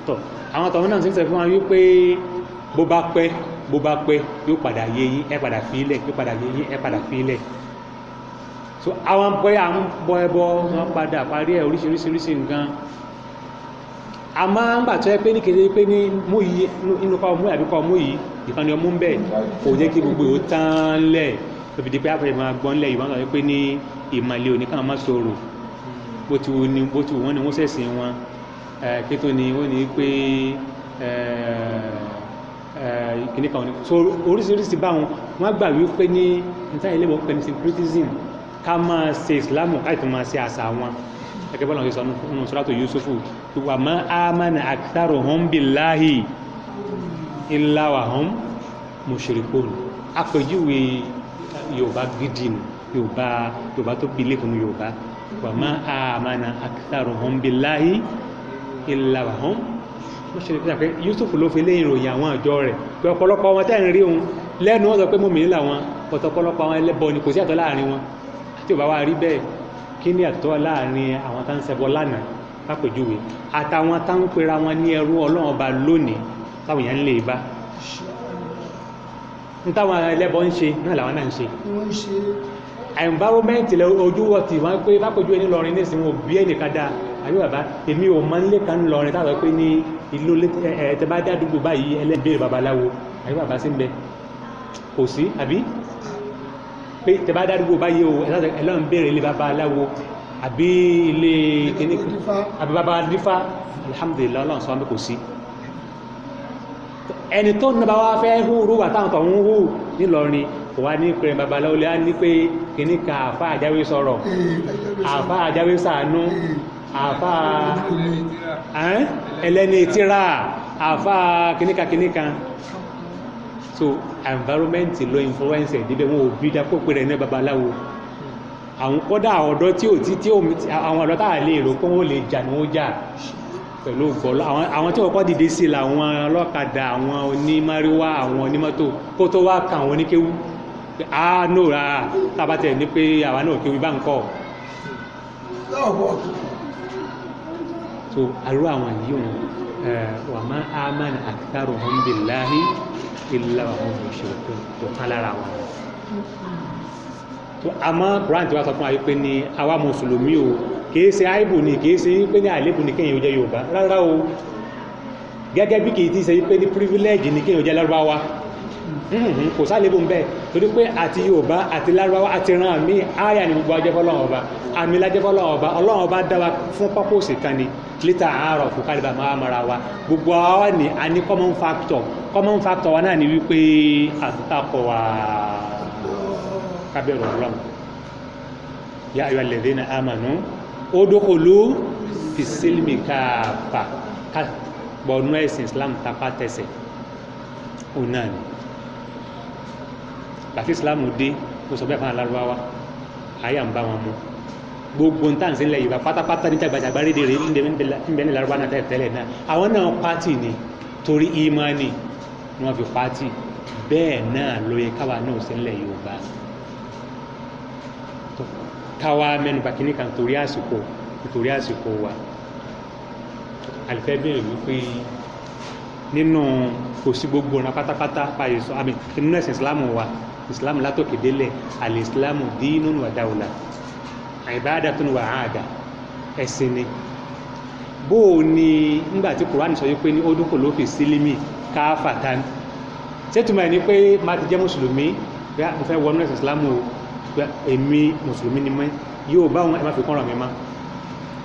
S1: tọ̀ àwọn tọ̀wọ́n náà ṣe fún wọn wípé bó bá pẹ́ bó bá pẹ́ yóò padà yé yín ẹ padà fi ilẹ̀ yóò padà yé yín ẹ padà fi ilẹ̀ so àwọn pé à ń bọ ẹbọ wọn padà parí ẹ oríṣiríṣiríṣi nǹkan àmọ́ àgbà tó yẹ pé ní kéde pé ní mú yìí inú kọ́ mú àbíkọ́ mú yìí ìkan ni ọmú ń bẹ̀ kò jẹ́ kí gbogbo ìwò tán lẹ̀ tóbi di pé àpẹẹrẹ máa gbọ́n lẹ̀ ìwọ́n sọ pé ní ìmàlẹ́ òní káwọn má sọ̀rọ̀ bó ti wù ní bó ti wù wọ́n ni wọ́n ṣẹ̀sìn wọn kí tó ni ó ní pé kìnnìkan ò ní so oríṣiríṣi báwọn wọ́n gbà wípé ní níta ilé wọn pẹ̀lú syncretism ká máa ṣe ìsìlámù káàkiri máa ṣe àṣà wọn gẹ́gẹ́ bọ́lá òṣèṣọ́ nínú suratu yusufu wà má amana aktharuhum billahi illa wa hum mushrikun àpèjúwe yorùbá gidi ni yorùbá yorùbá tó bilé fún yorùbá wà má amana aktharuhum billahi illa wa hum mushrikun pé yusuf ló fi léyìn ròyìn àwọn àjọ rẹ̀ pé ọ̀pọ̀lọpọ̀ wọn tẹ́ ń rí òun lẹ́nu wọn sọ pé mòmìnira wọn ọ̀tọ̀pọ̀lọpọ̀ àwọn ẹlẹ́bọ ni kò sí àtọ́ láàrin wọn tí ò bá wá rí bẹ́ẹ̀ kí ni ẹ̀tọ́ láàrin àwọn tá ń ṣẹbọ lánàá pápẹ̀júwe àtàwọn tá ń pera wọn ní ẹrú ọlọ́run ọba lónìí táwọn èèyàn lè bá ní táwọn ẹlẹ́bọ ń ṣe náà làwọn náà ń ṣe environment lẹ ojú wọ tí wọn pé pápẹ̀júwe ní lọrin ní ìsìn òbí ẹnìkan dáa àbí bàbá èmi ò mọ nílé kan lọrin táwọn pé ní ìlú ẹ tẹ bá dá àdúgbò báyìí ẹlẹ́bẹ̀rẹ̀ babaláwo àbí bàbá sí ń bẹ kò sí àbí pé tẹ̀bá dádúgbò báyé o ẹ̀lọ́ ń bèèrè ilé bàbá aláwo àbí ilé kìnnìkan àbí bàbá adífá alhamdulillah ọlọ́run sọ wọn kò sí ẹni tó nàbà wá fẹ́ húrú wà táwọn kan ń hù nílọrin kò wá ní pẹ̀rẹ̀ bàbá aláwo lè á ní pé kìnnìkan àfa àjáwé sọ̀rọ̀ àfa àjáwé sàánú àfa ẹlẹ́ni tíra àfa kìnnìkan kìnnìkan so environment ló influence ẹ̀ níbẹ̀ wọn ò bí dápò pé rẹ̀ ní babaláwo àwọn kódà ọ̀dọ́ tí ò tí tí àwọn ọ̀dọ́ tá a lè rò pé wọ́n lè jà ni wọ́n jà pẹ̀lú ògbọ́lọ́ àwọn tí wọ́n kọ́ dìde sí làwọn ọlọ́kadà àwọn onímáríwá àwọn onímọ́tò kó tó wá kan àwọn oníkéwú ah no rárá tábàtẹ̀ ní pé àwa náà kéwú bá ń kọ́ so àrú àwọn yìí wọn eh, wà má ámán àkàrò hàn bìláhì ilá àwọn òṣèlú ọ̀kan lára wọn àmọ́ Quran ti wá sọ fún wa pé ní àwa mùsùlùmí o kìí ṣe àìbù ni kìí ṣe pé ní àlébù ni kéèyàn jẹ́ Yorùbá rárá o gẹ́gẹ́ bí kìí ti ṣe pé ní privilege ni kéèyàn jẹ́ Lárúbáwá kò sálébù ń bẹ torí pé àti Yorùbá àti Lárúbáwá àti ran àmì àyà ni gbogbo ajẹ́fọ́ Ọlọ́run ọba àmì lájẹ́fọ́ Ọlọ́run ọba Ọlọ́run ọba dá wa fún pọ́pọ́sì kan ni lítà àárọ̀ fún kálíbà máa mara wa gbogbo àwa ni a ní common factor common factor wa náà ni wípé àtàkọ̀ wà kábẹ̀rù ọlọ́run ya ayọ̀ lẹ́dẹ́ na amànú ó dókòló fìsílmì káàpà bọ̀nú ẹ̀sìn islam tapá tẹsẹ̀ ó náà ni bàtí islam dé ó sọ bẹ́ẹ̀ fún alárúbáwá àyà ń bá wọn mu gbogbo ń tàn sí ilẹ̀ pátápátá níta gbajàgbá rédèrè ń bẹ ní larubá náà tẹ́lẹ̀ náà àwọn náà pátì ni torí ìmánì ni ni wọ́n fi pátì bẹ́ẹ̀ náà ló yẹ káwa náà ṣe ńlẹ̀ yorùbá káwa mẹ́nuba kínní kan torí àsìkò nítorí àsìkò wa àlìfẹ́ bẹ̀rẹ̀ wípé nínú kò sí gbogbo ọ̀nà pátápátá fàyè sọ àmì nínú ẹ̀sìn ìsìlámù wa ìsìlámù látòkè délẹ̀ àlè ìsìlámù dínun wa dáwùlà ibadatun wa àádà ẹ̀sìn ni bóò ni ńgbà tí kùránì sọ yìí pé ní ó dúnkù ló fi sílímì káfàtán ṣètùmọ̀ ẹ̀ ni pé má ti jẹ́ mùsùlùmí pé mo fẹ́ wọnú ẹ̀sìn islam o pé èmi mùsùlùmí ni mọ́ yóò bá wọn ẹ má fi kọ́ràn mi mọ́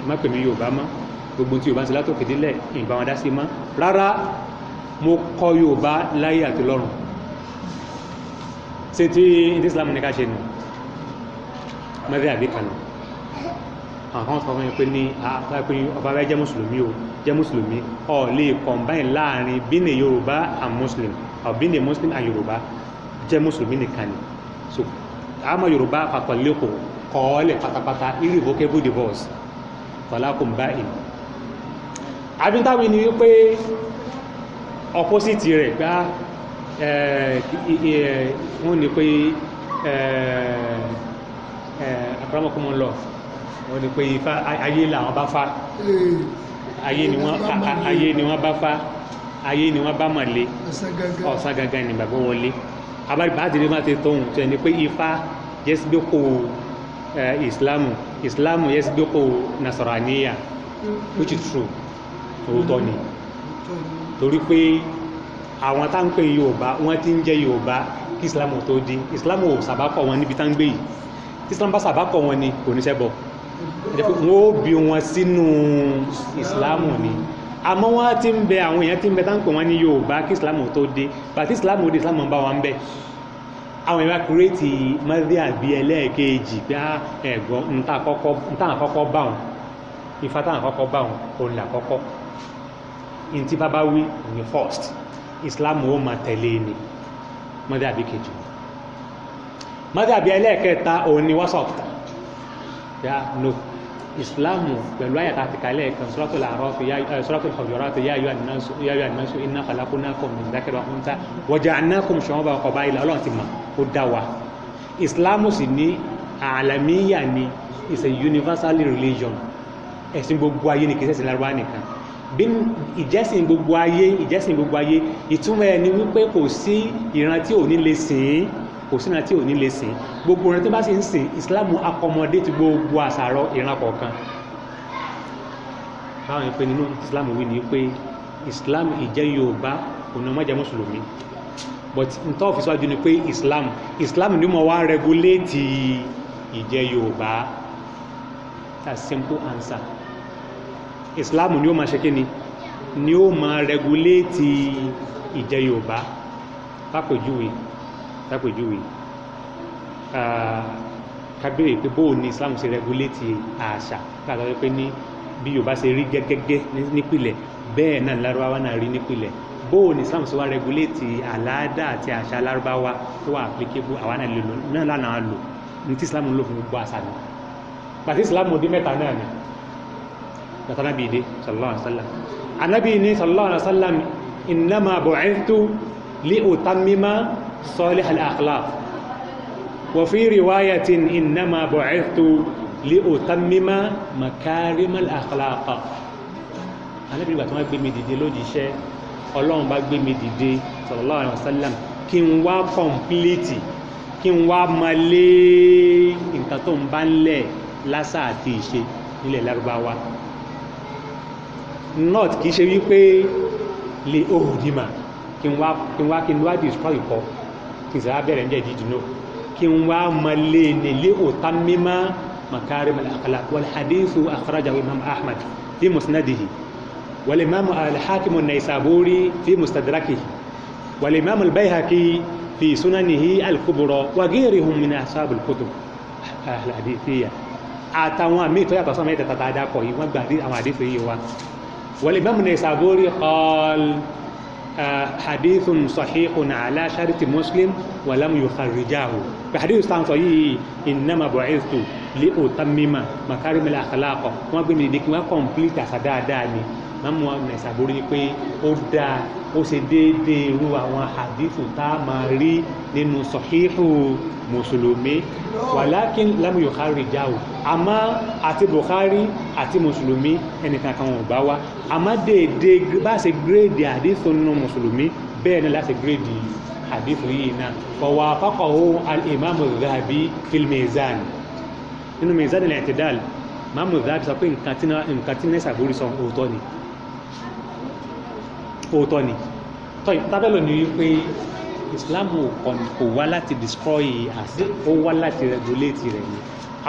S1: ẹ má pè mí yóò bá mọ́ gbogbo tí yorùbá ń ṣe látòkè délẹ̀ ìbá wọn dá sí mọ́ rárá mo kọ́ yorùbá láyé àti lọ́run ṣé tí islam ní ká ṣe nù mẹ́fẹ́ àbí kànú àwọn sọ fún mi pé ní ọba jẹ́ mùsùlùmí o jẹ́ mùsùlùmí ọ̀ lè combine láàrin being a Yorùbá and Muslim or being a Muslim and Yorùbá jẹ́ mùsùlùmí nìkan ni so àmọ́ Yorùbá àpapọ̀ lẹ́kọ̀ọ́ kọ́ ọ lẹ̀ pátápátá irrevocable divorce tọ́lákùn báyìí abintawi ni wípé opposite rẹ̀ gbá wọ́n ní pé àkàràmọ́kùnmọ́ lọ́ọ̀ wọ́n ní pé ifá ayé làwọn bá fa ayé ni wọ́n ayé ni wọ́n bá fa ayé ni wọ́n bá mọ̀ lé ọ̀sán gangan ni bàbá wọn lé abájúbádìrí má ti tóun tó ẹni pé ifá yẹsibíkò ìsìlámù ìsìlámù yẹsibíkò nasaraniya which is true tòótọ́ ni torí pé àwọn tá ń pè yorùbá wọ́n ti ń jẹ́ yorùbá kí ìsìlámù tó dín ìsìlámù ò sàbákọ̀ wọn níbi tá ń gbé yìí tí islam bá sàbákọ̀ wọn ni kò ní ṣẹbọ wọ́n ó bí wọn sínú ìsìláàmù ni àmọ́ wọ́n ti ń bẹ àwọn èèyàn ti ń bẹ táǹpẹ̀ wọn ní Yorùbá kí ìsìláàmù tó dé bàtí ìsìláàmù dé ìsìláàmù bá wọn bẹ àwọn èèyàn bá kúrẹ́ẹ̀tì mọ́dé àbí ẹlẹ́ẹ̀kejì pé ah, ẹ̀gbọ́n nta àkọ́kọ́ bá wọn ifá táwọn àkọ́kọ́ bá wọn òun là kọ́kọ́ ntí wí ní first Islam ó máa tẹ̀lé ni mọ́dé àbí kejì mọ́dé àbí ẹlẹ́ẹ̀kẹta òun ni wọ́sọ̀tà yá no ìsìláàmù pẹ̀lú àyàtà àti kàlẹ́ kan suratul A'raf suratul Hujurat yá ayọ́ ànínáṣu inna khalaqnakum min dhakarin wa untha wa ja'alnakum shu'uban wa qaba'ila ọlọ́run ti mọ̀ ó dá wa ìsìláàmù sì ní àlàmíyà ni is a universal religion ẹ̀sìn gbogbo ayé ni kìí ṣẹ̀sìn Lárúbáwá nìkan bí ìjẹ́sìn gbogbo ayé ìjẹ́sìn gbogbo ayé ìtumọ̀ ẹ̀ ni wípé kò sí ìran tí ò ní lè sìn kò sí ìran tí ò ní lè sìn gbogbo rẹ̀ tó bá sì ń sìn islam akọmọdé ti gbogbo àṣàrọ ìran kọ̀ọ̀kan báwọn ìpè nínú islam wí ni pé islam ìjẹ́ yorùbá òun ọmọ jẹ́ mùsùlùmí but ntọ́ fi síwájú ni pé islam islam ni mo wá regulate ìjẹ́ yorùbá that's simple answer islam ni ó máa ṣe kí ni ni ó máa regulate ìjẹ́ yorùbá lápèjúwe lápèjúwe kábíyèrè pé bóun ni Islam ṣe rẹguléètì àṣà látàrí pé ní bí Yorùbá ṣe rí gẹ́gẹ́gẹ́ nípìlẹ̀ bẹ́ẹ̀ náà lárúbáwá náà rí nípìlẹ̀ bóun ni Islam ṣe wá rẹguléètì àlàáda àti àṣà lárúbáwá tó wà applicable àwa náà lè lò náà lánàá lò ní tí Islam ń lò fún gbogbo àṣà ni pàtí Islam ọdún mẹ́ta náà ni bàtà nàbì ìdè sallallahu alayhi wa sallam anabi ni sallallahu alayhi wa sallam innama bu'ithtu li utammima salihal akhlaq وفي رواية إنما بعثت لأتمم مكارم الأخلاق alábìrin gbàtí wọ́n gbé mi dìde lójíṣẹ́ ọlọ́run bá gbé mi dìde sallallahu alaihi wasallam kí n wá kọ̀mpléètì kí n wá máa lé nǹkan tó ń bá ń lẹ̀ lásà àti ìṣe nílẹ̀ lárúbáwá not kì í ṣe wípé lè ohùn dìmà kí n wá kí n wá destroy ìkọ kí n sì rà bẹ̀rẹ̀ ń jẹ́ ìdíjì náà kí n wá malé ní lé òtá mímá makarim al-akhlaq wal hadithu akhrajahu imam ahmad fi musnadihi wal imam al-hakim an-naysaburi fi mustadrakihi wal imam al-bayhaqi fi sunanihi al-kubra wa ghayrihim min ashab al-kutub al-hadithiyya àtàwọn àmì tó yàtọ̀ sọ́mọ́ yẹn tẹ̀tà tá a dákọ̀ yìí wọ́n gbà àwọn àdéhùn yìí wa wal imam an-naysaburi qala hadithun sahihun ala sharti muslim walam yukharrijahu bi hadith tan so yi innama bu'ithu li utammima makarim al akhlaq wọ́n gbé mi dikun wa complete asa dáadáa mamu na sabori pé ó dáa ó ṣe déédéé irú àwọn àdìsù tá a máa rí nínú sọ̀híhù mùsùlùmí wàlákin lámù yòókàrí jáwò àmọ́ àti Bukhari àti mùsùlùmí ẹnìkan kan ò bá wa àmọ́ déédéé bá ṣe gírèdì àdìsù nínú mùsùlùmí bẹ́ẹ̀ ni láti gírèdì àdìsù yìí náà fọwọ́ afọ́kọ̀ọ́ al-imam al nínú mizan al-i'tidal mamu Dhahabi sọ pé nǹkan tí nẹ́sà borí sọ òótọ́ ni òótọ́ ni tọ́yì tábẹ́lò ni wípé Islam kò wá láti destroy àti ó wá láti regulate rẹ̀ ni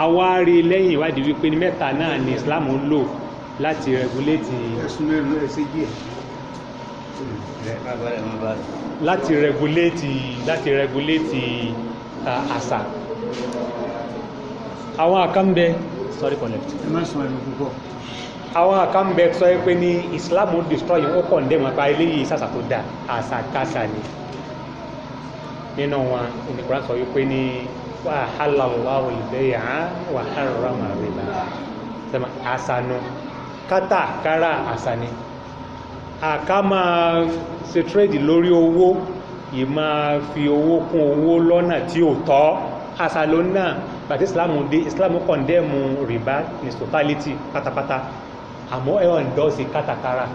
S1: àwa rí lẹ́yìn ìwádìí wípé ní mẹ́ta náà ni Islam ń lò láti regulate láti regulate láti regulate àṣà àwọn àkànbẹ sorry for left. ẹ má sọ ẹnu púpọ̀ àwọn àkànbẹ sọ pé ní islam destroy wọn kọ̀ ń dẹ̀ wọn pa eléyìí sàṣà tó dà àṣàkáṣà ni nínú wọn ìnìkúrá sọ wípé ní wa halallahu al-bay'a wa harrama riba sama asanu kata kara asani a ká máa ṣe trade lórí owó yìí máa fi owó kún owó lọ́nà tí ò tọ́ asalo bàtí islam dé islam condemn riba in totality pátápátá àmọ́ ẹ endorse kátàkárà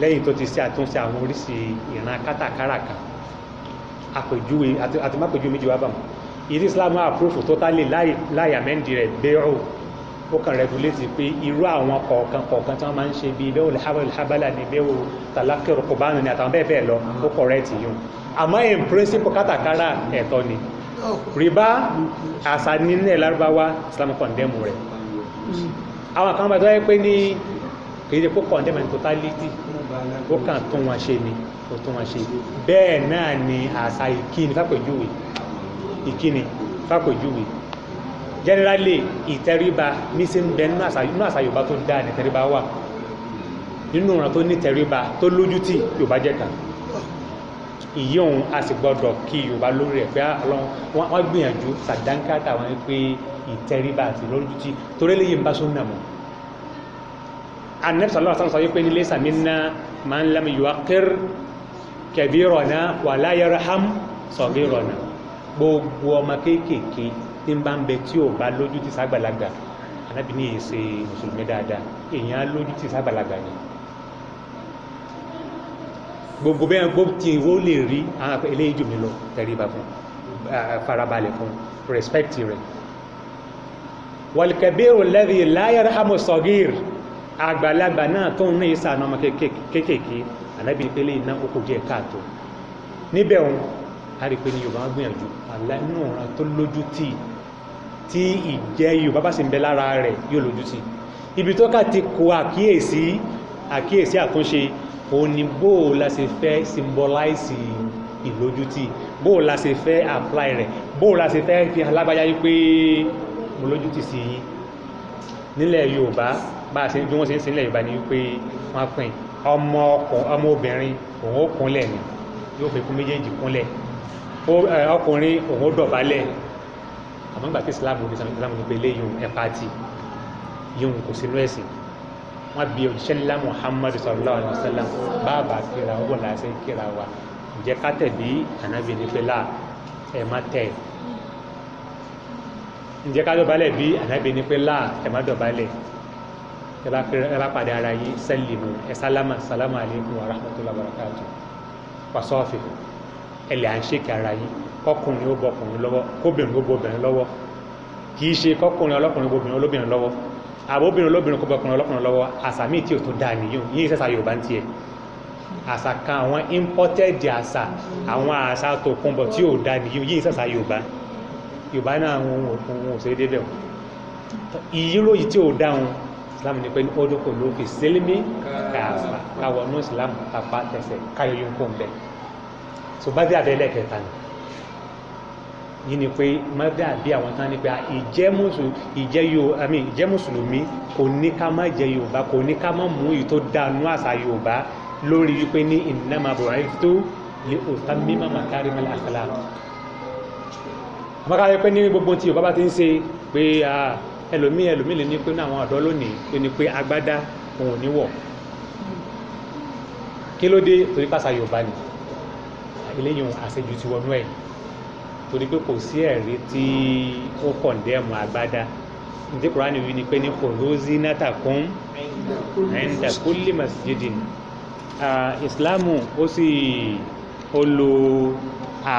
S1: lẹ́yìn tó ti ṣe àtúnṣe àwọn oríṣi ìran kátàkárà kan àpèjúwe àti mápèjúwe méjì wá bàmù ìdí Islam approve totally láì amẹ́ndì rẹ̀ bẹ́ẹ̀rù ó kàn regulate pé irú àwọn kọ̀ọ̀kan kọ̀ọ̀kan tí wọ́n máa ń ṣe bíi bẹ́ẹ̀ olùhábàlà ni bẹ́ẹ̀ o tàlákẹ́rù kò bá nù ni àtàwọn bẹ́ẹ̀ bẹ́ẹ̀ lọ ó correct yìí àmọ́ in principle kátàkárà ẹ̀tọ́ ni rìbá àṣà nílẹ̀ lárúbáwá Islam condemn rẹ̀ àwọn kan bá tó yẹ pé ní kìí ṣe kó condemn in totality ó kàn tún wọn ṣe ni ó tún wọn ṣe bẹ́ẹ̀ náà ni àṣà ìkíni fàpèjúwe ìkíni fàpèjúwe generally ìtẹríba ní sí ń bẹ nínú àṣà Yorùbá tó dáa ní ìtẹríba wà nínú ọ̀ràn tó ní ìtẹríba tó lójútì Yorùbá jẹ́ kan ìyí òun a sì gbọ́dọ̀ kí Yorùbá lórí ẹ̀ pé ah, wọ́n gbìyànjú sàdánkátà wọn pé ìtẹríba àti lójútì torí lè yí n bá sọ nà mọ́ anabi sallallahu alaihi wasallam sọ pé ní laysa minna man lam yuqir kabirana wa la yarham saghirana gbogbo ọmọ kéékèèké tí ń bá ń bẹ tí ò bá lójú ti sàgbàlagbà anabi ní èsè mùsùlùmí dáadáa èèyàn á lójú ti sàgbàlagbà ni gbogbo bẹ́ẹ̀ gbogbo tí ó lè rí àwọn eléyìí jù mí lọ tẹríba fún farabalẹ̀ fún respect rẹ̀ wàlùkẹ́bírù lẹ́dí láyẹ̀rẹ́hàmù sọ̀gír àgbàlagbà náà tó ń ní ìsànà ọmọ kéékèèké ànábì ìpele iná kókò díẹ̀ káàtó níbẹ̀ òun a rí i pé ní yorùbá gbìyànjú àlá inú ọ̀ràn tó lójú tì tí ìjẹ́ yorùbá bá sì ń bẹ lára rẹ̀ yóò lójú tì ibi tó ká ti kó àkíyèsí àkíyèsí àtúnṣe òun ni bóò la ṣe fẹ́ symbolize ìlójútì bóò la ṣe fẹ́ apply rẹ̀ bóò la ṣe fẹ́ fi alágbájá yí pé mo lójú ti sí yín nílẹ̀ yorùbá bá a ṣe bí wọ́n ṣe ń sin ilẹ̀ yorùbá ni wípé wọ́n á pín ọmọ ọkọ ọmọ obìnrin òun ó kúnlẹ̀ ni yóò fi kún méjèèjì kúnlẹ̀ ọkùnrin òun ó dọ̀bálẹ̀ àmọ́ ìgbà tí islam ní sàmì islam ní pélé yòun ẹ̀pá ti yòun kò sínú ẹ̀sìn wọ́n bí òjíṣẹ́ ńlá muhammadu sallallahu alayhi wa sallam bàbá kíra ọgbọ̀n láṣẹ kíra wa ǹjẹ́ ká tẹ̀lé ànábì ní pé ẹ̀ má tẹ̀ ẹ̀ ǹjẹ́ ká dọ̀bálẹ̀ bí ànábì ní pé láà ẹ má dọ̀bálẹ̀ ẹ bá pèrè ẹ bá padà ara yín sẹ́lìmù ẹ sálámà sálámà aleikum wa rahmatullahi wa barakatuh wasọ́ọ̀fì ẹ lè à ń ṣèkì ara yín kọkùnrin ó bọkùnrin lọ́wọ́ kóbìnrin ó bobìnrin lọ́wọ́ kì í ṣe kọkùnrin ọlọ́kùnrin bobìnrin olóbìnrin lọ́wọ́ àbóbìnrin olóbìnrin kó bọkùnrin ọlọ́kùnrin lọ́wọ́ àṣà míì tí ò tún dáa nìyí yín sẹ́sà Yorùbá ń tiẹ̀ àṣà kan àwọn imported àṣà àwọn àṣà tó kún bọ̀ tí ò dáa nìyí yín sẹ́sà Yorùbá yorùbá náà wọn ò ṣe déédéé o ìyíròyìn tí ò dáhùn islam ní pé ní ọdún kò ló fi sílẹ̀mí kààfà káwọn ní islam apá tẹsẹ̀ káyọ̀ yóò kó ń bẹ̀ so bàbá abẹ́lẹ̀ kẹta ni yìí ni pé mọ́dà bí àwọn tán ni pé ìjẹ́ mùsùlùmí kò ní ká má jẹ yorùbá kò ní ká má mú èyí tó dánú àṣà yorùbá lórí wípé ní ìnáma bọ̀rẹ́ tó lè òtá mímọ́ màkárí mẹ́lá àkàlà àmọ́ká yẹ pé ní gbogbo tí Yorùbá bá ti ń ṣe pé ẹlòmíì ẹlòmíì lè ní pé ní àwọn ọ̀dọ́ lónìí lè ní pé agbádá òun ní wọ̀ kí ló dé torí pàṣà Yorùbá ni eléyìí àṣejù ti wọnú ẹ̀ torí pé kò sí ẹ̀rí tí ó kọ̀ndẹ́mù agbádá ǹjẹ́ Kùránì wí ni pé ní kòlóòzì nátàkún ẹ̀ńdà kúlì masjidin Ìsìláàmù ó sì ó lo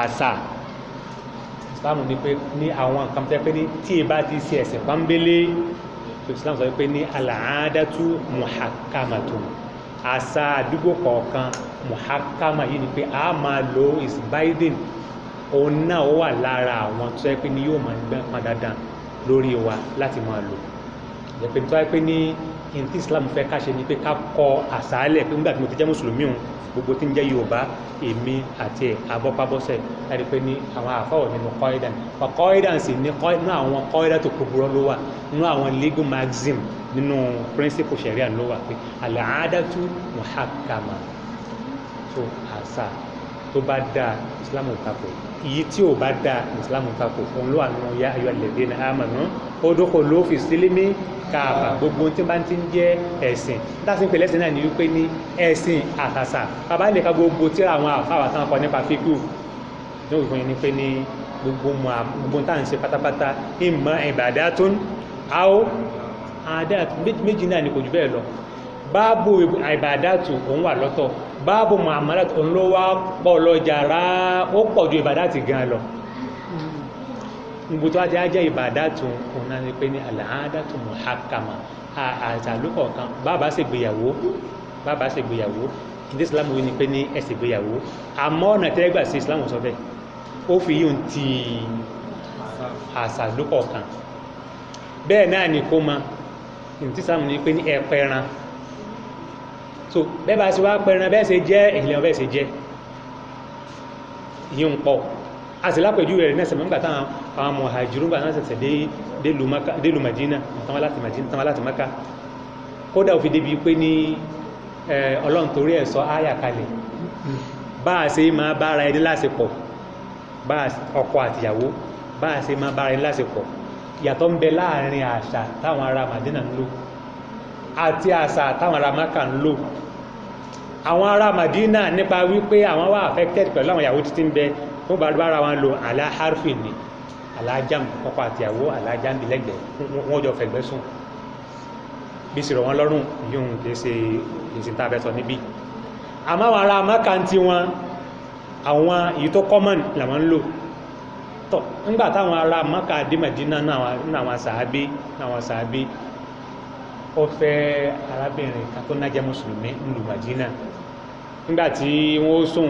S1: àṣà islam ní pé ní àwọn nǹkan tẹ́ pé ní tí ì bá ti ṣe ẹ̀sìn pọ́nbélé tó islam sọ pé ní alaadatu muhakamatu àṣà àdúgbò kọ̀ọ̀kan muhakama yìí ni pé a máa lo is biden òun náà ó wà lára àwọn tó yẹ pé ní yóò máa gbẹ́ pọn dandan lórí wa láti máa lò yẹ pé tó yẹ pé ní ntí islam fẹ́ ká ṣe ni pé ká kọ àṣà pé nígbà tí mo ti jẹ́ mùsùlùmí òun gbogbo tí ń jẹ́ yorùbá èmi àti ẹ̀ abọ́pábọ́sẹ̀ ẹni pé ní àwọn àfọwọ̀ nínú kọ́ídà ọ̀ kọ́ídà sì ní nú àwọn kọ́ídà tó kúburọ́ ló wà nú àwọn legal maxim nínú principle sharia ló wà pé àlàádàtú muhakkama tó àṣà tó bá dáa islam ò takò yìí èyí tí ò bá dáa ìsìlámù takò òun ló wà nínú ya ayọ̀ àlẹ́dẹ́ ní amànú odókò ló fi sílímì káàbà gbogbo tí bá ti ń jẹ́ ẹ̀sìn dáṣin pẹ̀lẹ́ ẹ̀sìn náà ni wípé ní ẹ̀sìn àtàṣà bàbá lè ka gbogbo tí àwọn àfáwà tán kọ nípa fíkù ní òfin ni pé ní gbogbo mu gbogbo tá à ń ṣe pátápátá ìmọ̀ ìbàdàtún àó àdáàtún méjì náà ni kò jù bẹ́ẹ̀ lọ báàbù ìbàdàtù òun wà lọ́tọ̀ báàbù muamalat òun ló wá pọ̀ lọ́jà rà ó pọ̀ ju ìbàdàtì gan lọ nbùtọ́ àti ajẹ́ ìbàdàtù òun náà ni pé ní àlàádàtù muhakama àtàlùkọ̀ kan bàbá ṣègbéyàwó bàbá ṣègbéyàwó ìdí islam wí ni pé ní ẹ ṣègbéyàwó àmọ́ ọ̀nà tẹ́gbà sí islam sọ bẹ́ẹ̀ ó fi yóò ti àṣàlùkọ̀ kan bẹ́ẹ̀ náà ni kó ma ìdí islam ni pé ní ẹ so bẹ́ẹ̀ bá ṣe wá pẹran bẹ́ẹ̀ ṣe jẹ́ ìlẹ̀ bẹ́ẹ̀ ṣe jẹ́ ìyẹn ń pọ̀ a sì lápẹ̀jú rẹ̀ náà sẹ̀mọ́gbà táwọn àwọn mọ̀hàjírún gbà náà ṣẹ̀ṣẹ̀ dé lu Madina tán wá láti Maka kódà òfin débi pé ní Ọlọ́run torí ẹ̀ sọ áyà kalẹ̀ bá a ṣe máa bára ẹni lásìpọ̀ ọkọ àtìyàwó bá a ṣe máa bára ẹni lásìpọ̀ yàtọ̀ ń bẹ láàrin àṣà táwọn ará Madina ń lò àti àṣà táwọn ará Maka ń lò àwọn ará Madina nípa wípé àwọn wà affected pẹ̀lú àwọn Yahudi tí ń bẹ fún bàbára wọn lo àlá harfi ni àlá jam ọkọ àtìyàwó àlá jam bí lẹ́gbẹ̀ẹ́ wọn jọ fẹ̀gbẹ́ sùn bí sì rọ̀ wọ́n lọ́rùn yóò kìí ṣe ìsìn tá a fẹ́ sọ níbí àmọ́ àwọn ará mákàntí wọn àwọn èyí tó common làwọn ń lò tọ̀ nígbà táwọn ará mákà dé Madina náà àwọn sàábé náà àwọn sàábé ọfẹ́ arábìnrin kan tó nájẹ́ mùsùlùmí ńlù Madina nígbà tí wọ́n sùn